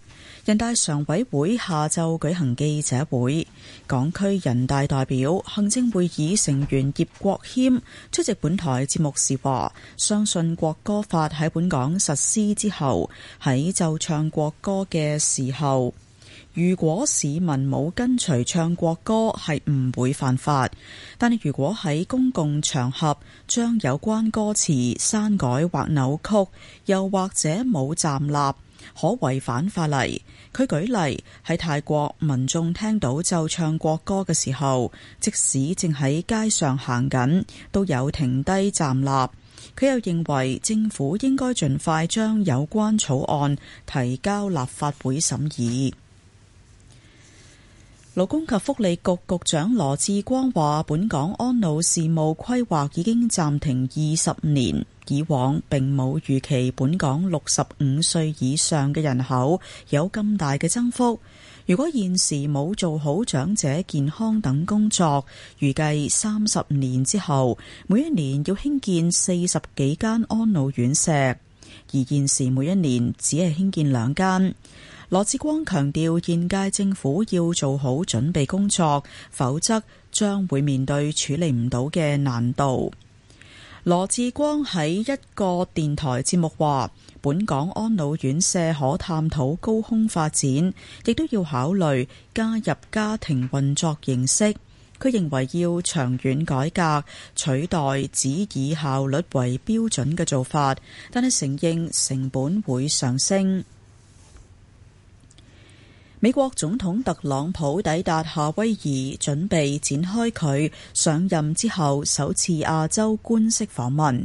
人大常委會下晝舉行記者會。港區人大代表、行政會議成員葉國謙出席本台節目時話：相信國歌法喺本港實施之後，喺就唱國歌嘅時候。如果市民冇跟隨唱國歌係唔會犯法，但係如果喺公共場合將有關歌詞刪改或扭曲，又或者冇站立，可違反法例。佢舉例喺泰國，民眾聽到就唱國歌嘅時候，即使正喺街上行緊，都有停低站立。佢又認為政府應該盡快將有關草案提交立法會審議。勞工及福利局局長羅志光話，本港安老事務規劃已經暫停二十年，以往並冇預期本港六十五歲以上嘅人口有咁大嘅增幅。如果現時冇做好長者健康等工作，預計三十年之後，每一年要興建四十幾間安老院舍，而現時每一年只係興建兩間。羅志光強調，現屆政府要做好準備工作，否則將會面對處理唔到嘅難度。羅志光喺一個電台節目話，本港安老院舍可探討高空發展，亦都要考慮加入家庭運作形式。佢認為要長遠改革，取代只以效率為標準嘅做法，但係承認成本會上升。美國總統特朗普抵達夏威夷，準備展開佢上任之後首次亞洲官式訪問。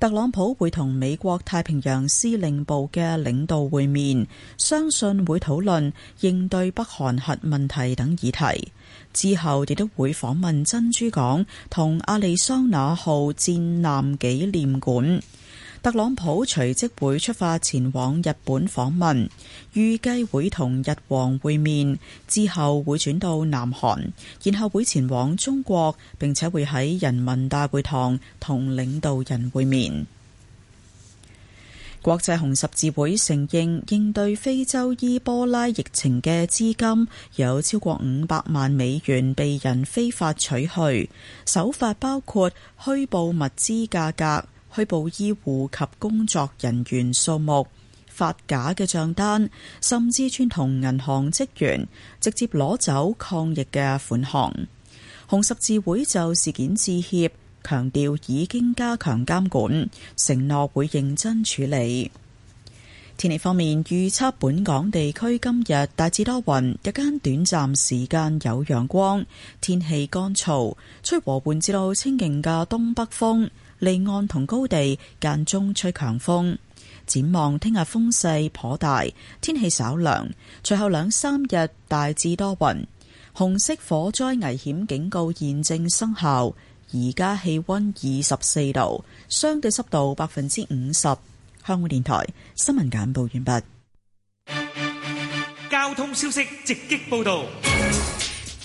特朗普會同美國太平洋司令部嘅領導會面，相信會討論應對北韓核問題等議題。之後亦都會訪問珍珠港同亞利桑那號戰艦紀念館。特朗普隨即會出發前往日本訪問，預計會同日王會面，之後會轉到南韓，然後會前往中國，並且會喺人民大會堂同領導人會面。國際紅十字會承認，應對非洲伊波拉疫情嘅資金有超過五百萬美元被人非法取去，手法包括虛報物資價格。虛報醫護及工作人員數目，發假嘅賬單，甚至串同銀行職員直接攞走抗疫嘅款項。紅十字會就事件致歉，強調已經加強監管，承諾會認真處理。天氣方面，預測本港地區今日大致多雲，日間短暫時間有陽光，天氣乾燥，吹和緩至到清勁嘅東北風。離岸同高地間中吹強風，展望聽日風勢頗大，天氣稍涼。隨後兩三日大致多雲。紅色火災危險警告現正生效。而家氣温二十四度，相對濕度百分之五十。香港電台新聞簡報完畢。交通消息直擊報道。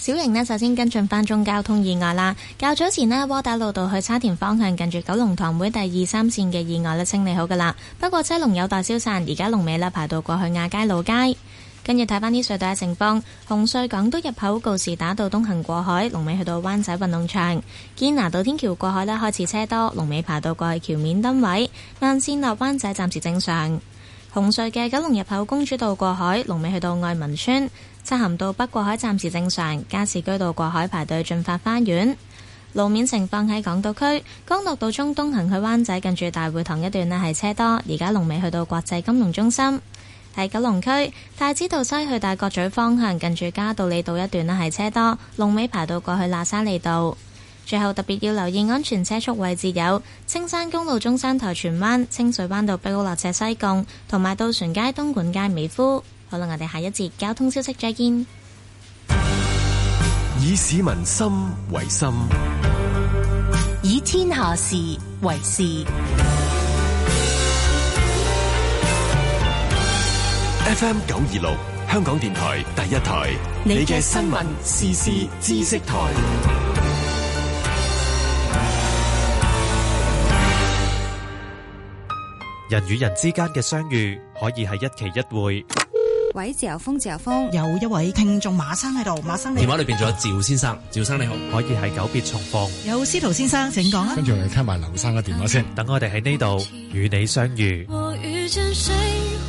小瑩呢，首先跟進翻宗交通意外啦。較早前呢，窩打老道去沙田方向近住九龍塘會第二三線嘅意外呢，清理好噶啦，不過車龍有待消散，而家龍尾呢，排到過去亞皆老街。跟住睇翻啲隧道嘅情況，紅隧港島入口告士打道東行過海，龍尾去到灣仔運動場；堅拿道天橋過海呢，開始車多，龍尾爬到過去橋面燈位。慢線落灣仔暫時正常。紅隧嘅九龍入口公主道過海，龍尾去到愛民村。漆咸道北過海暫時正常，加士居道過海排隊進發花園路面情況喺港島區，干諾道中東行去灣仔近住大會堂一段咧係車多，而家龍尾去到國際金融中心。喺九龍區，太子道西去大角咀方向近住嘉道理道一段咧係車多，龍尾排到過去喇沙利道。最後特別要留意安全車速位置，有青山公路中山台荃灣、清水灣道北高立斜西貢，同埋渡船街東莞街美孚。好啦，我哋下一節交通消息再見。以市民心為心，以天下事為事。FM 九二六香港電台第一台，你嘅的 新聞、時事、知識台。人與人之間嘅相遇，可以係一期一會。位自由風，自由風，有一位聽眾馬生喺度，馬生，生、嗯、生你好。電話裏邊仲有趙先生，趙生你好，可以係久別重逢。有司徒先生，請講啦。跟住我聽埋劉生嘅電話先，等我哋喺呢度與你相遇。我遇見誰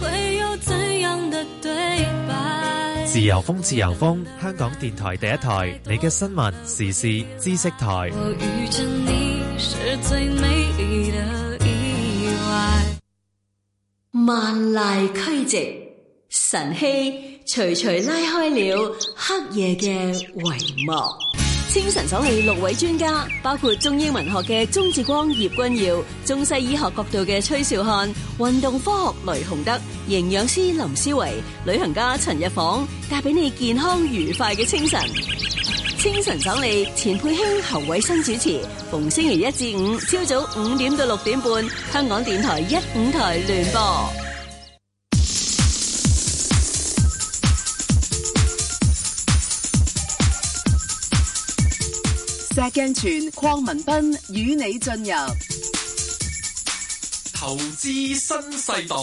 會有怎樣嘅對白？自由風，自由風，香港電台第一台，你嘅新聞時事知識台。我遇着你，是最美麗的意外。萬籟俱寂。晨曦徐徐拉開了黑夜嘅帷幕。清晨爽利，六位專家，包括中英文學嘅鍾志光、葉君堯、中西醫學角度嘅崔少漢、運動科學雷洪德、營養師林思維、旅行家陳日訪，帶俾你健康愉快嘅清晨。清晨爽利，錢佩卿、侯偉新主持，逢星期一至五，朝早五點到六點半，香港電台一五台聯播。石鏡泉、鄺民彬與你進入投資新世代，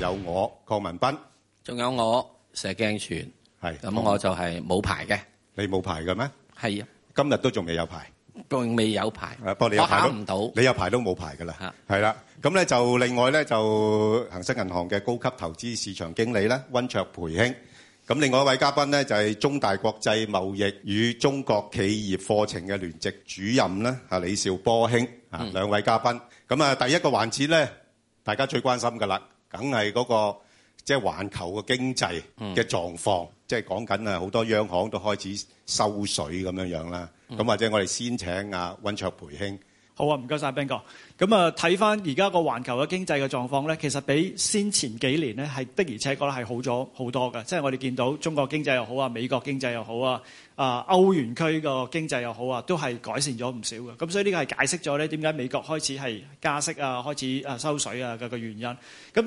有我鄺民彬，仲有我石鏡泉，係咁是我就係冇牌嘅。你冇牌嘅咩？係啊，今日都仲未有牌。並未有排，我考唔到。你有排都冇排㗎啦，係啦。咁咧就另外咧就恒生銀行嘅高級投資市場經理咧，温卓培兄。咁另外一位嘉賓咧就係中大國際貿易與中國企業課程嘅聯席主任啦，啊李兆波兄。啊兩位嘉賓。咁啊，第一個環節咧，大家最關心㗎啦，梗係嗰個即係環球嘅經濟嘅狀況，即係講緊啊好多央行都開始收水咁樣樣啦。咁 或者我哋先請阿温卓培兄。好啊，唔該晒。Ben 哥。咁啊，睇翻而家個環球嘅經濟嘅狀況咧，其實比先前幾年咧係的而且確咧係好咗好多嘅。即係我哋見到中國經濟又好啊，美國經濟又好啊。啊，歐元區個經濟又好啊，都係改善咗唔少嘅。咁所以呢個係解釋咗咧，點解美國開始係加息啊，開始啊收水啊嘅個原因。咁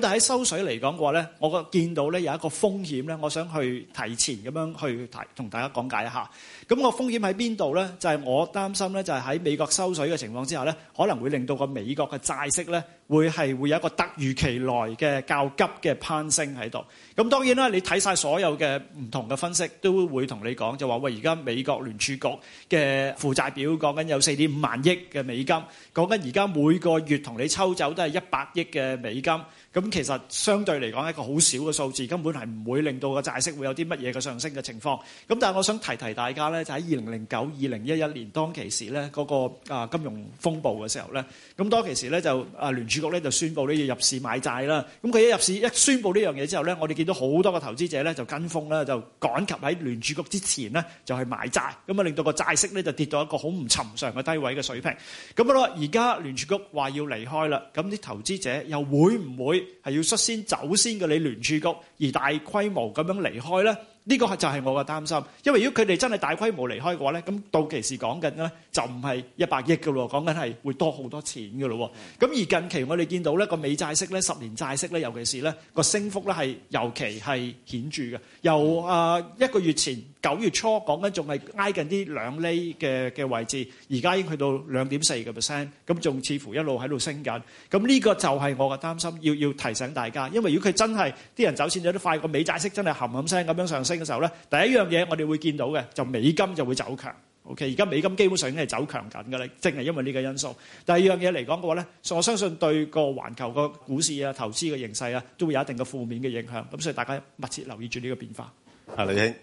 但係喺收水嚟講嘅話咧，我見到咧有一個風險咧，我想去提前咁樣去提同大家講解一下。咁個風險喺邊度咧？就係我擔心咧，就係喺美國收水嘅情況之下咧，可能會令到個美國嘅債息咧。會係會有一個突如其來嘅較急嘅攀升喺度，咁當然啦，你睇晒所有嘅唔同嘅分析都會同你講，就話喂而家美國聯儲局嘅負債表講緊有四點五萬億嘅美金，講緊而家每個月同你抽走都係一百億嘅美金。咁其實相對嚟講係一個好少嘅數字，根本係唔會令到個債息會有啲乜嘢嘅上升嘅情況。咁但係我想提提大家咧，就喺二零零九、二零一一年當其時咧，嗰個啊金融風暴嘅時候咧，咁當其時咧就啊聯儲局咧就宣布咧要入市買債啦。咁佢一入市一宣布呢樣嘢之後咧，我哋見到好多嘅投資者咧就跟風咧就趕及喺聯儲局之前咧就去買債，咁啊令到個債息咧就跌到一個好唔尋常嘅低位嘅水平。咁啊咯，而家聯儲局話要離開啦，咁啲投資者又會唔會？係要率先走先嘅，你聯儲局，而大規模咁樣離開咧。呢個就係我嘅擔心，因為如果佢哋真係大規模離開嘅話咧，咁到期時講緊咧就唔係一百億嘅咯，講緊係會多好多錢嘅咯。咁而近期我哋見到咧個美債息咧十年債息咧，尤其是咧個升幅咧係尤其係顯著嘅。由啊、呃、一個月前九月初講緊仲係挨近啲兩厘嘅嘅位置，而家已經去到兩點四個 percent，咁仲似乎一路喺度升緊。咁呢個就係我嘅擔心，要要提醒大家，因為如果佢真係啲人走先咗，啲快個美債息真係冚冚聲咁樣上升嘅時候咧，第一樣嘢我哋會見到嘅就美金就會走強。OK，而家美金基本上已經係走強緊㗎喇，正係因為呢個因素。第二樣嘢嚟講嘅話咧，我相信對個環球個股市啊、投資嘅形勢啊，都會有一定嘅負面嘅影響。咁所以大家密切留意住呢個變化。阿李兄，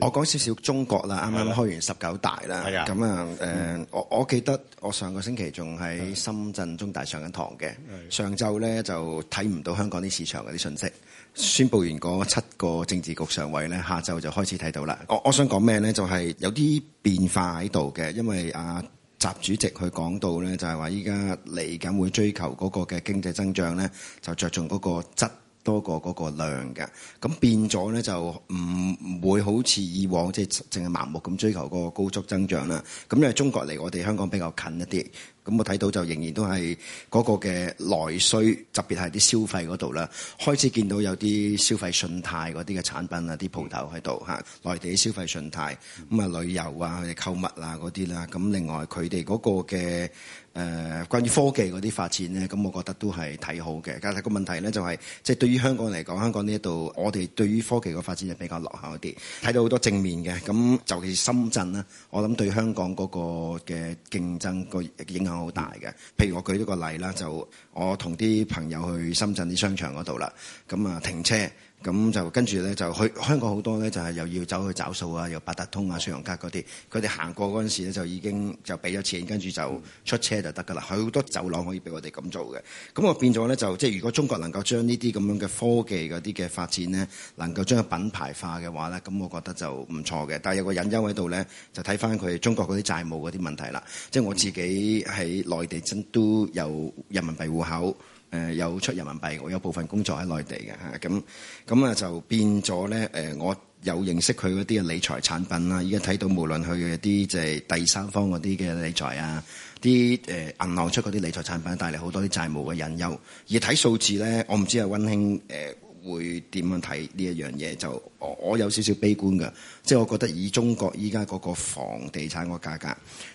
我講少少中國啦，啱啱開完十九大啦，咁啊誒，我我記得我上個星期仲喺深圳中大上緊堂嘅，上週咧就睇唔到香港啲市場嗰啲信息。宣布完嗰七個政治局常委咧，下晝就開始睇到啦。我我想講咩咧？就係有啲變化喺度嘅，因為阿習主席佢講到咧，就係話依家嚟緊會追求嗰個嘅經濟增長咧，就着重嗰個質，多過嗰個量嘅，咁變咗咧就唔唔會好似以往即係淨係盲目咁追求嗰個高速增長啦。咁因為中國離我哋香港比較近一啲，咁我睇到就仍然都係嗰個嘅內需，特別係啲消費嗰度啦，開始見到有啲消費信貸嗰啲嘅產品啊，啲鋪頭喺度嚇，內地消費信貸，咁啊旅遊啊、佢哋購物啊嗰啲啦，咁另外佢哋嗰個嘅。誒、呃，關於科技嗰啲發展呢，咁、嗯、我覺得都係睇好嘅。但係個問題呢，就係、是，即、就、係、是、對於香港嚟講，香港呢一度我哋對於科技嘅發展係比較落後一啲。睇到好多正面嘅，咁尤其是深圳啦。我諗對香港嗰個嘅競爭個影響好大嘅。譬如我舉咗個例啦，就我同啲朋友去深圳啲商場嗰度啦，咁啊停車。咁就跟住咧就去香港好多咧就係又要走去找數啊，又有八達通啊、信用卡嗰啲，佢哋行過嗰陣時咧就已經就俾咗錢，跟住就出車就得㗎啦。好多走廊可以俾我哋咁做嘅。咁我變咗咧就即係如果中國能夠將呢啲咁樣嘅科技嗰啲嘅發展咧，能夠將品牌化嘅話咧，咁我覺得就唔錯嘅。但係有個隱憂喺度咧，就睇翻佢中國嗰啲債務嗰啲問題啦。即係我自己喺內地都有人民幣戶口。誒有、呃、出人民幣，我有部分工作喺內地嘅嚇，咁咁啊就變咗咧。誒、呃、我有認識佢嗰啲嘅理財產品啦，依家睇到無論佢嘅啲即係第三方嗰啲嘅理財啊，啲誒、呃、銀行出嗰啲理財產品帶嚟好多啲債務嘅隱憂。而睇數字咧，我唔知阿溫馨誒、呃、會點樣睇呢一樣嘢，就我，我有少少悲觀嘅。即係我覺得以中國依家個房地產個價格，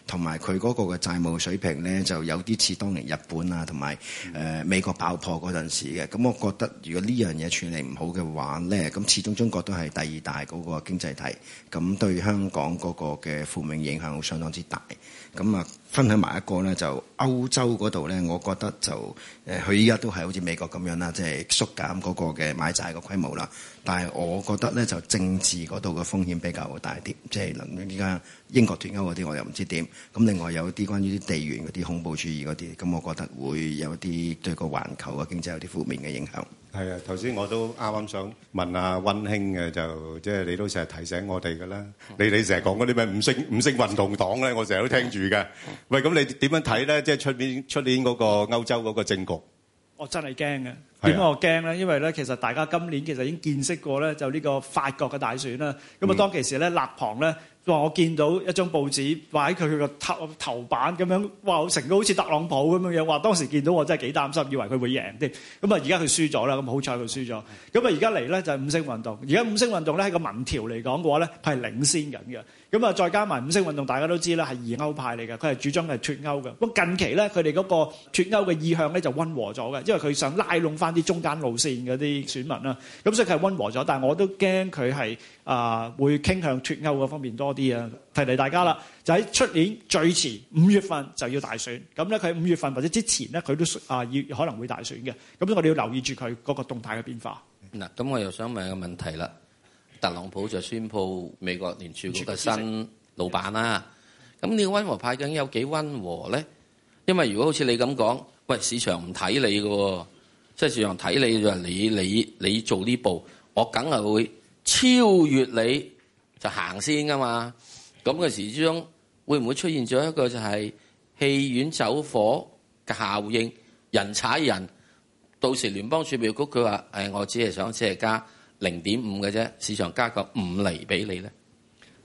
同埋佢個嘅債務水平咧，就有啲似當年日本啊，同埋誒美國爆破陣時嘅。咁我覺得如果呢樣嘢處理唔好嘅話咧，咁始終中國都係第二大嗰個經濟體，咁對香港嗰個嘅負面影響好相當之大。咁啊，分享埋一個咧，就歐洲嗰度咧，我覺得就誒佢依家都係好似美國咁樣啦，即係縮減嗰個嘅買債嘅規模啦。但係我覺得咧，就政治嗰度嘅風險。比較會大啲，即係依家英國脱歐嗰啲，我又唔知點。咁另外有啲關於啲地緣嗰啲恐怖主義嗰啲，咁我覺得會有啲對個環球嘅經濟有啲負面嘅影響。係啊，頭先我都啱啱想問阿温馨嘅，就即係你都成日提醒我哋噶啦。你你成日講嗰啲咩五星五星運動黨咧，我成日都聽住嘅。喂，咁你點樣睇咧？即係出面出年嗰個歐洲嗰個政局，我真係驚啊！點解我驚咧？因為咧，其實大家今年其實已經見識過咧，就呢個法國嘅大選啦。咁啊，當其時咧，勒龐咧話：我見到一張報紙，話喺佢個頭頭版咁樣，哇！成個好似特朗普咁樣嘢。話當時見到我真係幾擔心，以為佢會贏啲。咁啊，而家佢輸咗啦。咁好彩佢輸咗。咁啊，而家嚟咧就係五星運動。而家五星運動咧喺個民調嚟講嘅話咧，係領先緊嘅。咁啊，再加埋五星運動，大家都知咧係二歐派嚟㗎。佢係主張係脱歐㗎。咁近期咧，佢哋嗰個脱歐嘅意向咧就温和咗嘅，因為佢想拉攏翻。啲中間路線嗰啲選民啦，咁所以佢係溫和咗，但係我都驚佢係啊會傾向脱歐嗰方面多啲啊！提提大家啦，就喺出年最遲五月份就要大選，咁咧佢五月份或者之前咧佢都啊要可能會大選嘅，咁所以我哋要留意住佢嗰個動態嘅變化。嗱、嗯，咁我又想問一個問題啦，特朗普就宣布美國聯儲局嘅新老闆啦、啊，咁你嘅溫和派究竟有幾溫和咧？因為如果好似你咁講，喂，市場唔睇你嘅喎。即係市場睇你就係你你你做呢步，我梗係會超越你就行先噶嘛。咁嘅時之中，會唔會出現咗一個就係戲院走火嘅效應，人踩人。到時聯邦儲備局佢話：誒、哎，我只係想只係加零點五嘅啫，市場加個五厘俾你咧。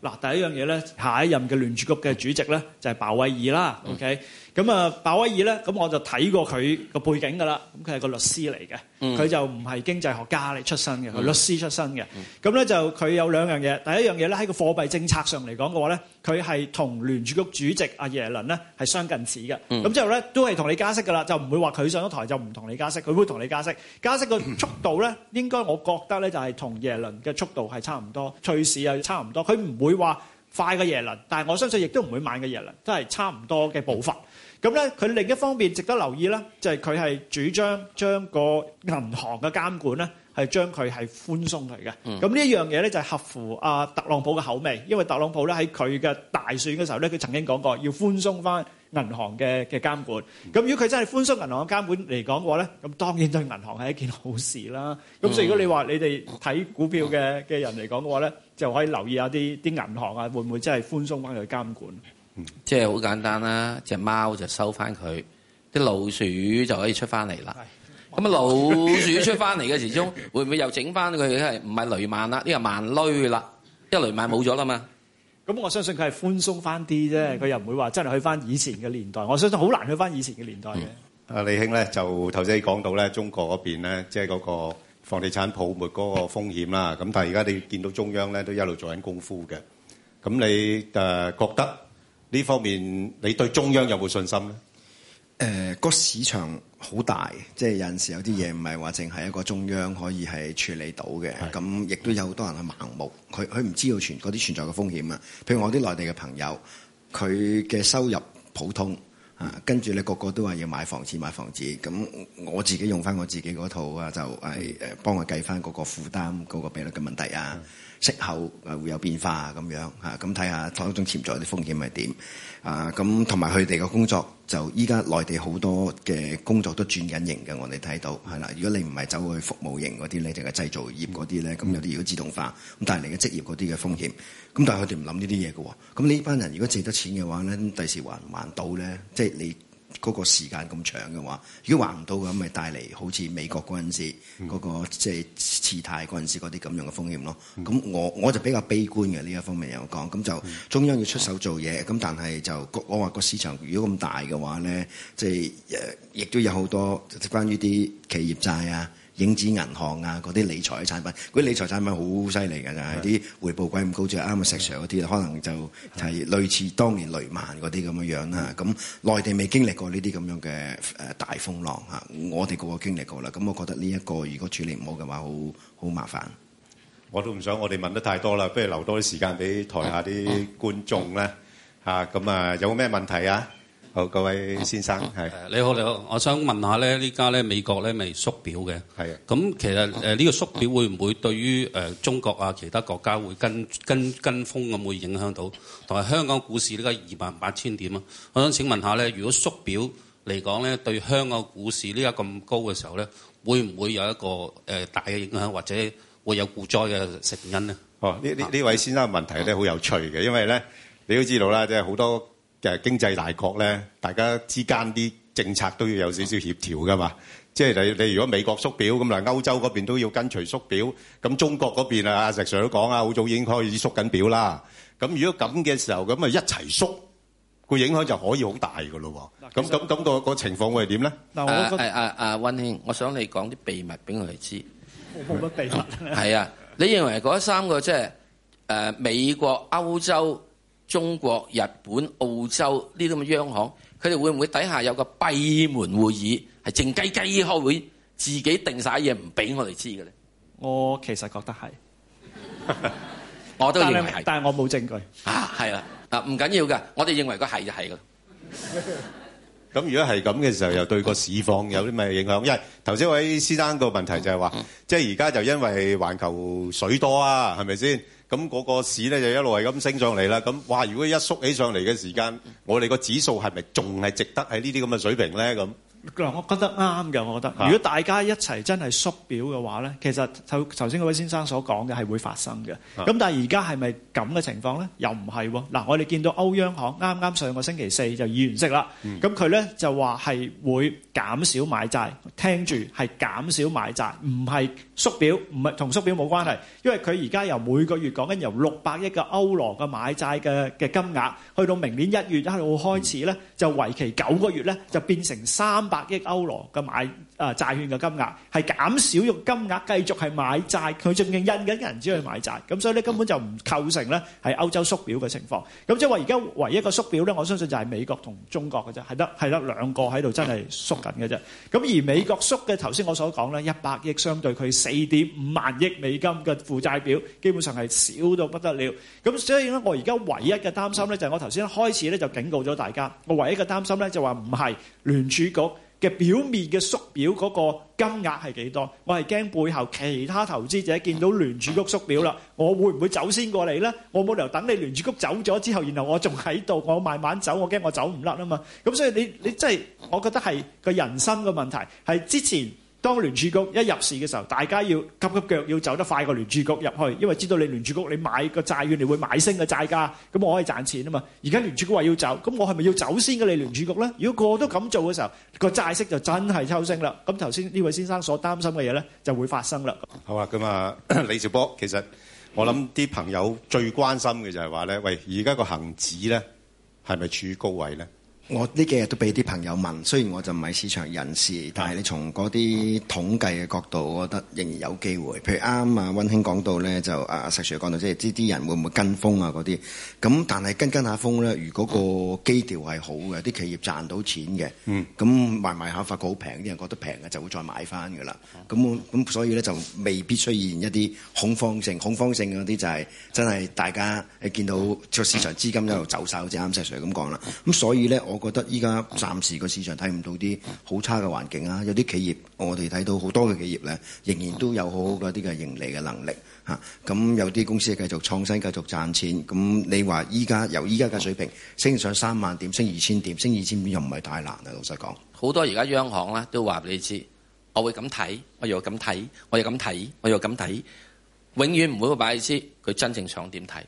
嗱，第一樣嘢咧，下一任嘅聯儲局嘅主席咧，就係鮑威爾啦。嗯、OK。咁啊，鮑威爾呢，咁我就睇過佢個背景㗎啦。咁佢係個律師嚟嘅，佢就唔係經濟學家嚟出身嘅，係律師出身嘅。咁呢就佢有兩樣嘢。第一樣嘢呢，喺個貨幣政策上嚟講嘅話呢，佢係同聯儲局主席阿耶倫呢係相近似嘅。咁之後呢都係同你加息㗎啦，就唔會話佢上咗台就唔同你加息，佢會同你加息。加息個速度呢，應該我覺得呢就係同耶倫嘅速度係差唔多，趨勢又差唔多。佢唔會話快過耶倫，但係我相信亦都唔會慢過耶倫，都係差唔多嘅步伐。咁咧，佢另一方面值得留意咧，就係佢係主張將個銀行嘅監管咧，係將佢係寬鬆嚟嘅。咁呢一樣嘢咧，就係合乎啊特朗普嘅口味，因為特朗普咧喺佢嘅大選嘅時候咧，佢曾經講過要寬鬆翻銀行嘅嘅監管。咁如果佢真係寬鬆銀行嘅監管嚟講嘅話咧，咁當然對銀行係一件好事啦。咁所以如果你話你哋睇股票嘅嘅人嚟講嘅話咧，就可以留意下啲啲銀行啊，會唔會真係寬鬆翻佢嘅監管？即係好簡單啦，隻貓就收翻佢，啲老鼠就可以出翻嚟啦。咁啊，老鼠出翻嚟嘅時鐘會唔會又整翻佢？係唔係雷曼啦？呢個萬籟啦，因為雷曼冇咗啦嘛。咁我相信佢係寬鬆翻啲啫，佢又唔會話真係去翻以前嘅年代。我相信好難去翻以前嘅年代嘅。阿李兄咧就頭先講到咧，中國嗰邊咧即係嗰個房地產泡沫嗰個風險啦。咁但係而家你見到中央咧都一路做緊功夫嘅。咁你誒覺得？呢方面你對中央有冇信心咧？誒、呃，個市場好大，即係有陣時有啲嘢唔係話淨係一個中央可以係處理到嘅。咁亦都有好多人去盲目，佢佢唔知道存嗰啲存在嘅風險啊。譬如我啲內地嘅朋友，佢嘅收入普通是啊，跟住咧個個都話要買房子買房子。咁我自己用翻我自己嗰套啊，就誒誒幫我計翻嗰個負擔、嗰、個比率嘅問題啊。息口啊會有變化咁樣嚇，咁睇下嗰種潛在啲風險係點啊？咁同埋佢哋嘅工作就依家內地好多嘅工作都轉緊型嘅，我哋睇到係啦。如果你唔係走去服務型嗰啲咧，定係製造業嗰啲咧，咁有啲如果自動化咁帶嚟嘅職業嗰啲嘅風險，咁但係佢哋唔諗呢啲嘢嘅喎。咁呢班人如果借得錢嘅話咧，第時還唔還到咧？即係你。嗰個時間咁長嘅話，如果還唔到嘅咁，咪帶嚟好似美國嗰陣時嗰、嗯嗰個即係、即係、次貸嗰陣時嗰啲咁樣嘅風險咯。咁、嗯、我我就比較悲觀嘅呢一方面有講，咁就中央要出手做嘢，咁、嗯、但係就我話個市場如果咁大嘅話咧，即係誒，亦都有好多關於啲企業債啊。影子銀行啊，嗰啲理財產品，嗰啲理財產品好犀利㗎，就係啲回報鬼咁高，就啱啊！石 Sir 嗰啲可能就係類似當年雷曼嗰啲咁嘅樣啦。咁內地未經歷過呢啲咁樣嘅誒大風浪嚇，我哋個個經歷過啦。咁我覺得呢、這、一個如果處理唔好嘅話，好好麻煩。我都唔想我哋問得太多啦，不如留多啲時間俾台下啲觀眾啦。嚇，咁啊，有冇咩問題啊？好，各位先生，係、啊。是你好，你好，我想問下咧，呢家咧美國咧咪縮表嘅？係的啊。咁其實誒呢個縮表會唔會對於誒、呃、中國啊其他國家會跟跟跟風咁會影響到？同埋香港股市呢家二萬八千點啊，我想請問下咧，如果縮表嚟講咧，對香港股市呢家咁高嘅時候咧，會唔會有一個誒、呃、大嘅影響，或者會有股災嘅成因呢？哦、啊，呢呢位先生嘅問題咧好有趣嘅，因為咧你都知道啦，即係好多。嘅經濟大國咧，大家之間啲政策都要有少少協調噶嘛。即係你你如果美國縮表咁啊，歐洲嗰邊都要跟隨縮表。咁中國嗰邊啊，阿石 Sir 都講啊，好早已經開始縮緊表啦。咁如果咁嘅時候咁啊，一齊縮，個影響就可以好大噶咯。咁咁咁個個情況會係點咧？嗱，我誒誒誒溫兄，我想你講啲秘密俾我哋知。我冇乜秘密。係啊，你認為嗰三個即係誒美國、歐洲、中國、日本、澳洲呢啲咁嘅央行，佢哋會唔會底下有個閉門會議，係靜雞雞開會，自己定曬嘢，唔俾我哋知嘅咧？我其實覺得係，我都認為係，但係我冇證據啊，係啦，嗱唔緊要㗎，我哋認為個係就係㗎。咁如果係咁嘅時候，又對個市況有啲咩影響？因為頭先位先生個問題就係話，即係而家就因為環球水多啊，係咪先？咁嗰個市呢，就一路係咁升上嚟啦。咁哇，如果一縮起上嚟嘅時間， 我哋個指數係咪仲係值得喺呢啲咁嘅水平呢？咁。嗱，我覺得啱嘅，我覺得如果大家一齊真係縮表嘅話咧，其實頭頭先嗰位先生所講嘅係會發生嘅。咁但係而家係咪咁嘅情況咧？又唔係喎。嗱，我哋見到歐央行啱啱上個星期四就議員識啦。咁佢咧就話係會減少買債，聽住係減少買債，唔係縮表，唔係同縮表冇關係。因為佢而家由每個月講緊由六百億嘅歐羅嘅買債嘅嘅金額，去到明年一月一號開始咧，就為期九個月咧，就變成三。百億歐羅嘅買。啊，債券嘅金額係減少，用金額繼續係買債，佢仲要印緊銀紙去買債，咁所以咧根本就唔構成咧係歐洲縮表嘅情況。咁即係話而家唯一個縮表咧，我相信就係美國同中國嘅啫，係得係得兩個喺度真係縮緊嘅啫。咁而美國縮嘅頭先我所講咧，一百億相對佢四點五萬億美金嘅負債表，基本上係少到不得了。咁所以咧，我而家唯一嘅擔心咧就係我頭先開始咧就警告咗大家，我唯一嘅擔心咧就話唔係聯儲局。嘅表面嘅縮表嗰個金額係幾多？我係驚背後其他投資者見到聯儲局縮表啦，我會唔會走先過嚟呢？我冇理由等你聯儲局走咗之後，然後我仲喺度，我慢慢走，我驚我走唔甩啊嘛！咁所以你你真係，我覺得係個人生嘅問題，係之前。當聯儲局一入市嘅時候，大家要急急腳，要走得快過聯儲局入去，因為知道你聯儲局你買個債券，你會買升嘅債價，咁我可以賺錢啊嘛。而家聯儲局話要走，咁我係咪要走先嘅你聯儲局咧？如果個個都咁做嘅時候，個債息就真係抽升啦。咁頭先呢位先生所擔心嘅嘢咧，就會發生啦。好啊，咁啊，李兆波，其實我諗啲朋友最關心嘅就係話咧，喂，而家個恆指咧係咪處於高位咧？我呢幾日都俾啲朋友問，雖然我就唔係市場人士，但係你從嗰啲統計嘅角度，我覺得仍然有機會。譬如啱啊溫馨講到咧，就阿、啊、石 Sir 講到即係知啲人會唔會跟風啊嗰啲。咁但係跟跟下風咧，如果個基調係好嘅，啲企業賺到錢嘅，咁、嗯、賣賣下發覺好平，啲人覺得平嘅就會再買翻㗎啦。咁咁所以咧就未必出現一啲恐慌性、恐慌性嗰啲就係真係大家誒見到個市場資金一路走晒，嗯、好似啱石 Sir 咁講啦。咁所以咧我，覺得依家暫時個市場睇唔到啲好差嘅環境啊！有啲企業，我哋睇到好多嘅企業咧，仍然都有好好嘅啲嘅盈利嘅能力嚇。咁、啊、有啲公司繼續創新，繼續賺錢。咁你話依家由依家嘅水平升上三萬點，升二千點，升二千點又唔係太難啊！老實講，好多而家央行咧都話俾你知，我會咁睇，我又咁睇，我又咁睇，我又咁睇，永遠唔會擺你知，佢真正想點睇，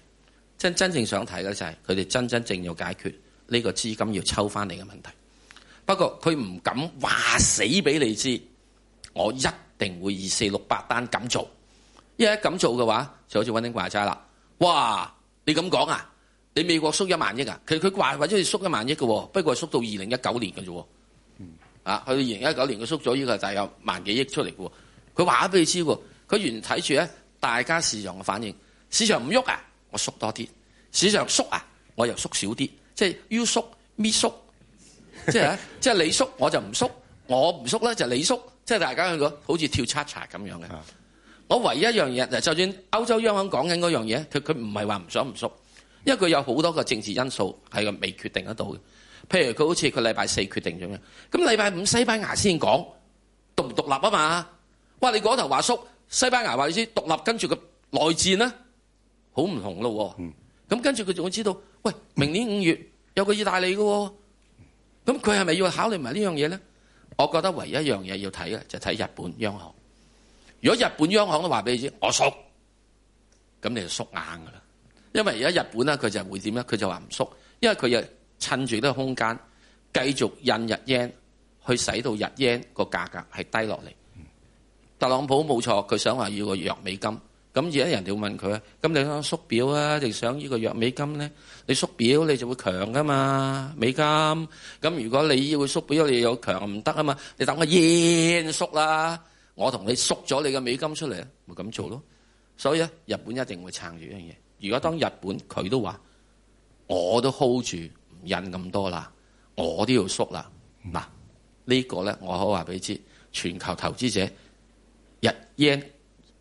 真真正想睇嘅就係佢哋真真正要解決。呢個資金要抽翻嚟嘅問題，不過佢唔敢話死俾你知。我一定會二四六八單咁做，因為咁做嘅話，就好似溫丁話齋啦。哇！你咁講啊？你美國縮一萬億啊？其實佢話或者係縮一萬億嘅，不過係縮到二零一九年嘅啫。嗯、啊，去到二零一九年佢縮咗，呢個係大約萬幾億出嚟嘅。佢話咗俾你知喎，佢原睇住咧大家市場嘅反應，市場唔喐啊，我縮多啲；市場縮啊，我又縮少啲。即係 U 縮咪縮， 即係咧，即係你縮我就唔縮，我唔縮咧就你縮，即係大家去個好似跳恰恰咁樣嘅。啊、我唯一一樣嘢就就算歐洲央行講緊嗰樣嘢，佢佢唔係話唔想唔縮，因為佢有好多個政治因素係未決定得到嘅。譬如佢好似佢禮拜四決定咗嘅，咁禮拜五西班牙先講獨唔獨立啊嘛。哇！你嗰頭話縮，西班牙話你先獨立，跟住個內戰咧，好唔同咯喎、啊。嗯咁跟住佢就會知道，喂，明年五月有個意大利嘅喎、哦，咁佢係咪要考慮埋呢樣嘢咧？我覺得唯一一樣嘢要睇嘅就睇、是、日本央行。如果日本央行都話俾你知我縮，咁你就縮硬噶啦。因為而家日本咧，佢就會點咧？佢就話唔縮，因為佢又趁住呢個空間繼續印日 yen，去使到日 yen 個價格係低落嚟。特朗普冇錯，佢想話要個弱美金。咁而家人哋會問佢，咁你，你想縮表啊，定想呢個弱美金咧？你縮表你就會強噶嘛，美金。咁如果你要縮表，你有有強唔得啊嘛，你等我 yen 縮啦，我同你縮咗你嘅美金出嚟，咪咁做咯。所以咧，日本一定會撐住依樣嘢。如果當日本佢、嗯、都話，我都 hold 住唔印咁多啦，我都要縮啦。嗱、嗯，個呢個咧我可話俾你知，全球投資者日 yen。日日日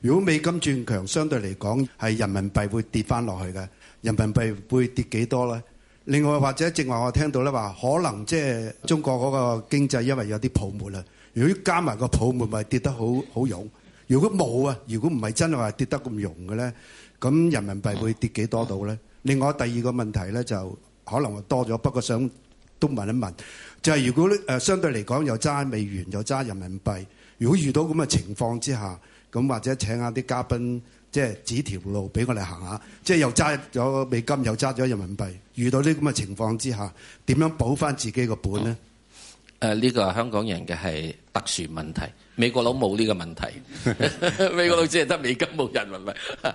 如果美金轉強，相對嚟講係人民幣會跌翻落去嘅。人民幣會跌幾多咧？另外或者正話我聽到咧話，可能即係中國嗰個經濟因為有啲泡沫啦。如果加埋個泡沫，咪跌得好好勇。如果冇啊，如果唔係真係話跌得咁勇嘅咧，咁人民幣會跌幾多度咧？另外第二個問題咧，就可能多咗。不過想都問一問，就係、是、如果誒、呃、相對嚟講又揸美元又揸人民幣，如果遇到咁嘅情況之下。咁或者請下啲嘉賓，即係指條路俾我哋行下。即係又揸咗美金，又揸咗人民幣。遇到呢咁嘅情況之下，點樣補翻自己個本呢、嗯呃這個本咧？誒，呢個係香港人嘅係特殊問題。美國佬冇呢個問題。 美國佬只係得美金冇人民幣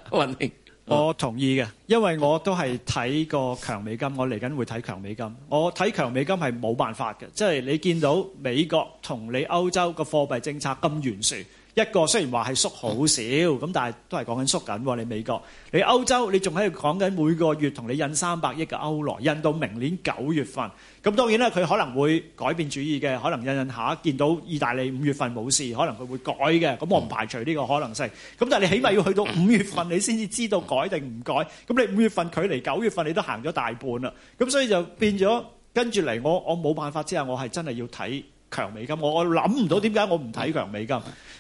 穩定。 我同意嘅，因為我都係睇過強美金。我嚟緊會睇強美金。我睇強美金係冇辦法嘅，即、就、係、是、你見到美國同你歐洲個貨幣政策咁懸殊。一個雖然話係縮好少咁，但係都係講緊縮緊。你美國，你歐洲，你仲喺度講緊每個月同你印三百億嘅歐羅，印到明年九月份。咁當然啦，佢可能會改變主意嘅，可能印印下見到意大利五月份冇事，可能佢會改嘅。咁我唔排除呢個可能性。咁但係你起碼要去到五月份，你先至知道改定唔改。咁你五月份距離九月份你都行咗大半啦。咁所以就變咗跟住嚟，我我冇辦法之下，我係真係要睇，強美金，我我諗唔到點解我唔睇強美金，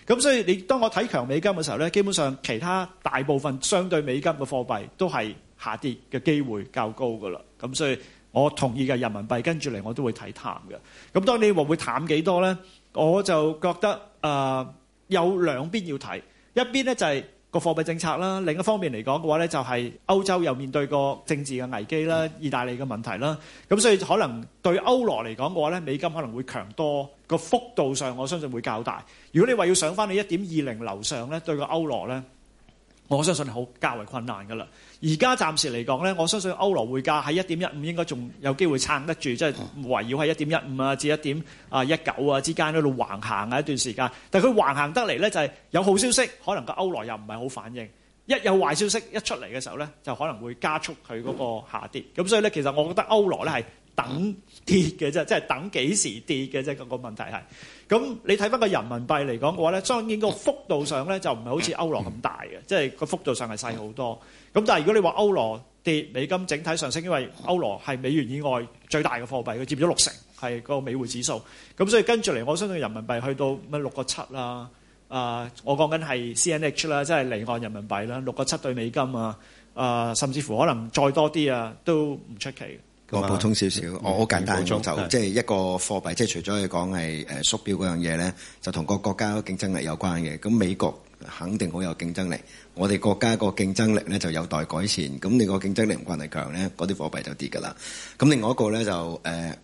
咁所以你當我睇強美金嘅時候咧，基本上其他大部分相對美金嘅貨幣都係下跌嘅機會較高㗎喇，咁所以我同意嘅人民幣跟住嚟我都會睇淡嘅，咁當你話會淡幾多咧，我就覺得誒、呃、有兩邊要睇，一邊咧就係、是。個貨幣政策啦，另一方面嚟講嘅話呢，就係歐洲又面對個政治嘅危機啦，意大利嘅問題啦，咁所以可能對歐羅嚟講嘅話呢，美金可能會強多，個幅度上我相信會較大。如果你話要上返去一點二零樓上呢，對個歐羅呢，我相信好較為困難㗎喇。而家暫時嚟講咧，我相信歐羅匯價喺一點一五應該仲有機會撐得住，即係圍繞喺一點一五啊至一點啊一九啊之間喺度橫行嘅一段時間。但係佢橫行得嚟咧，就係有好消息，可能個歐羅又唔係好反應；一有壞消息一出嚟嘅時候咧，就可能會加速佢嗰個下跌。咁所以咧，其實我覺得歐羅咧係等跌嘅啫，即係等幾時跌嘅啫。個個問題係咁，你睇返個人民幣嚟講嘅話咧，當然個幅度上咧就唔係好似歐羅咁大嘅，即係個幅度上係細好多。咁但係如果你話歐羅跌美金整體上升，因為歐羅係美元以外最大嘅貨幣，佢佔咗六成，係個美匯指數。咁所以跟住嚟，我相信人民幣去到咩六個七啦，啊，我講緊係 CNH 啦、啊，即係離岸人民幣啦，六個七對美金啊，啊，甚至乎可能再多啲啊，都唔出奇。我、嗯嗯、補充少少，嗯、我好簡單，就即係一個貨幣，即係除咗你講係誒縮表嗰樣嘢咧，就同個國家競爭力有關嘅。咁美國。肯定好有競爭力，我哋國家個競爭力咧就有待改善。咁你個競爭力唔夠係強咧，嗰啲貨幣就跌㗎啦。咁另外一個咧就誒。呃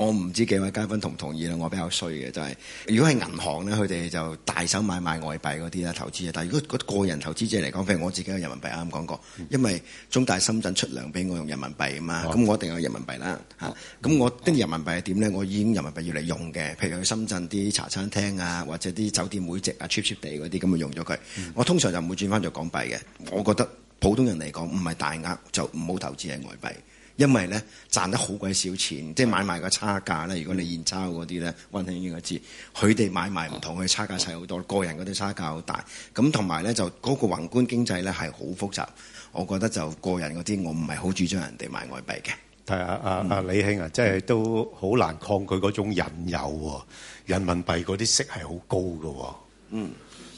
我唔知幾位嘉賓同唔同意啦，我比較衰嘅就係、是，如果係銀行咧，佢哋就大手買賣外幣嗰啲啦，投資啊。但係如果個人投資者嚟講，譬如我自己用人民幣，啱講過，因為中大深圳出糧俾我用人民幣啊嘛，咁、嗯、我一定有人民幣啦嚇。咁、嗯、我跟、嗯、人民幣係點咧？我已經人民幣要嚟用嘅，譬如去深圳啲茶餐廳啊，或者啲酒店會籍啊，cheap cheap 地嗰啲咁啊用咗佢。嗯、我通常就唔會轉翻做港幣嘅。我覺得普通人嚟講，唔係大額就唔好投資係外幣。因為咧賺得好鬼少錢，即係買賣個差價咧。如果你現鈔嗰啲咧，溫馨應該知，佢哋買賣唔同嘅差價細好多，個人嗰啲差價好大。咁同埋咧就嗰個宏觀經濟咧係好複雜，我覺得就個人嗰啲我唔係好主張人哋買外幣嘅。睇下、啊，啊啊，李兄啊，嗯、即係都好難抗拒嗰種引誘喎。人民幣嗰啲息係好高嘅。嗯，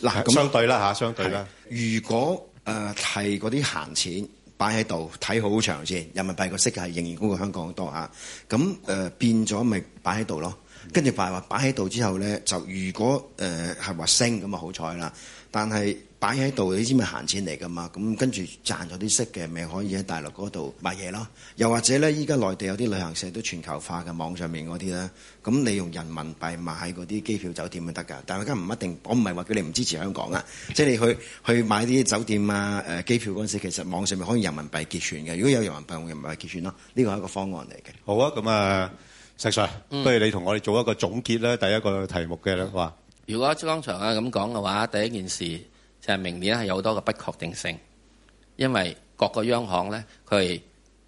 嗱，相對啦，相對啦。如果誒係嗰啲閒錢。擺喺度睇好長先，人民幣個息係仍然高過香港好多嚇，咁、啊、誒、呃、變咗咪擺喺度咯？跟住話擺喺度之後咧，就如果誒係話升咁啊好彩啦，但係，擺喺度，你知咪閒錢嚟噶嘛？咁跟住賺咗啲息嘅，咪可以喺大陸嗰度買嘢咯。又或者咧，依家內地有啲旅行社都全球化嘅網上面嗰啲咧，咁你用人民幣買嗰啲機票酒店都得㗎。但係而家唔一定，我唔係話佢你唔支持香港啊，即係你去去買啲酒店啊、誒機票嗰陣時，其實網上面可以用人民幣結算嘅。如果有人民幣用人民幣結算咯，呢個係一個方案嚟嘅。好啊，咁啊石 Sir，s 不如、嗯、你同我哋做一個總結啦。第一個題目嘅咧話，好如果剛才啊咁講嘅話，第一件事。就係明年係有好多個不確定性，因為各個央行呢，佢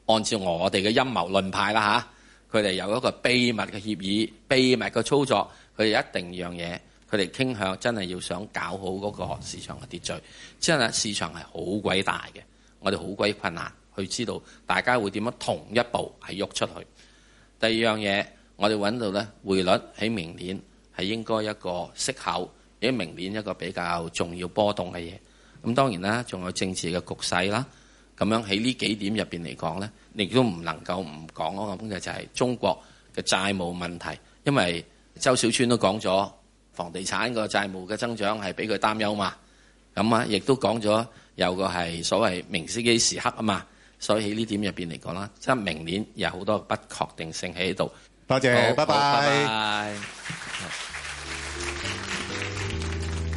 按照我哋嘅陰謀論派啦嚇，佢哋有一個秘密嘅協議、秘密嘅操作，佢哋一定樣嘢，佢哋傾向真係要想搞好嗰個市場嘅秩序，之後呢，市場係好鬼大嘅，我哋好鬼困難去知道大家會點樣同一步係喐出去。第二樣嘢，我哋揾到呢匯率喺明年係應該一個息口。明年一個比較重要波動嘅嘢，咁當然啦，仲有政治嘅局勢啦，咁樣喺呢幾點入邊嚟講呢，亦都唔能夠唔講嗰個經濟就係中國嘅債務問題，因為周小川都講咗，房地產個債務嘅增長係俾佢擔憂嘛。咁啊，亦都講咗有個係所謂明斯基時刻啊嘛，所以喺呢點入邊嚟講啦，即係明年有好多不確定性喺度。多謝，拜拜。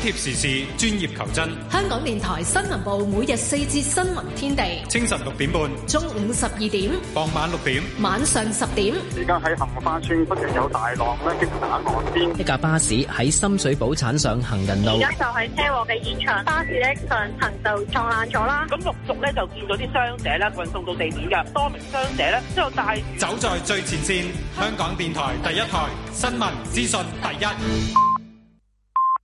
緊貼時事，專業求真。香港電台新聞部每日四節新聞天地，清晨六點半，中午十二點，傍晚六點，晚上十點。而家喺杏花村不停有大浪咧擊打岸邊。一架巴士喺深水埗鏟上行人路。而家就係車禍嘅現場，巴士咧上層就撞爛咗啦。咁陸續咧就見到啲傷者咧運送到地面噶，多名傷者咧之後帶走在最前線。香港電台第一台新聞資訊第一。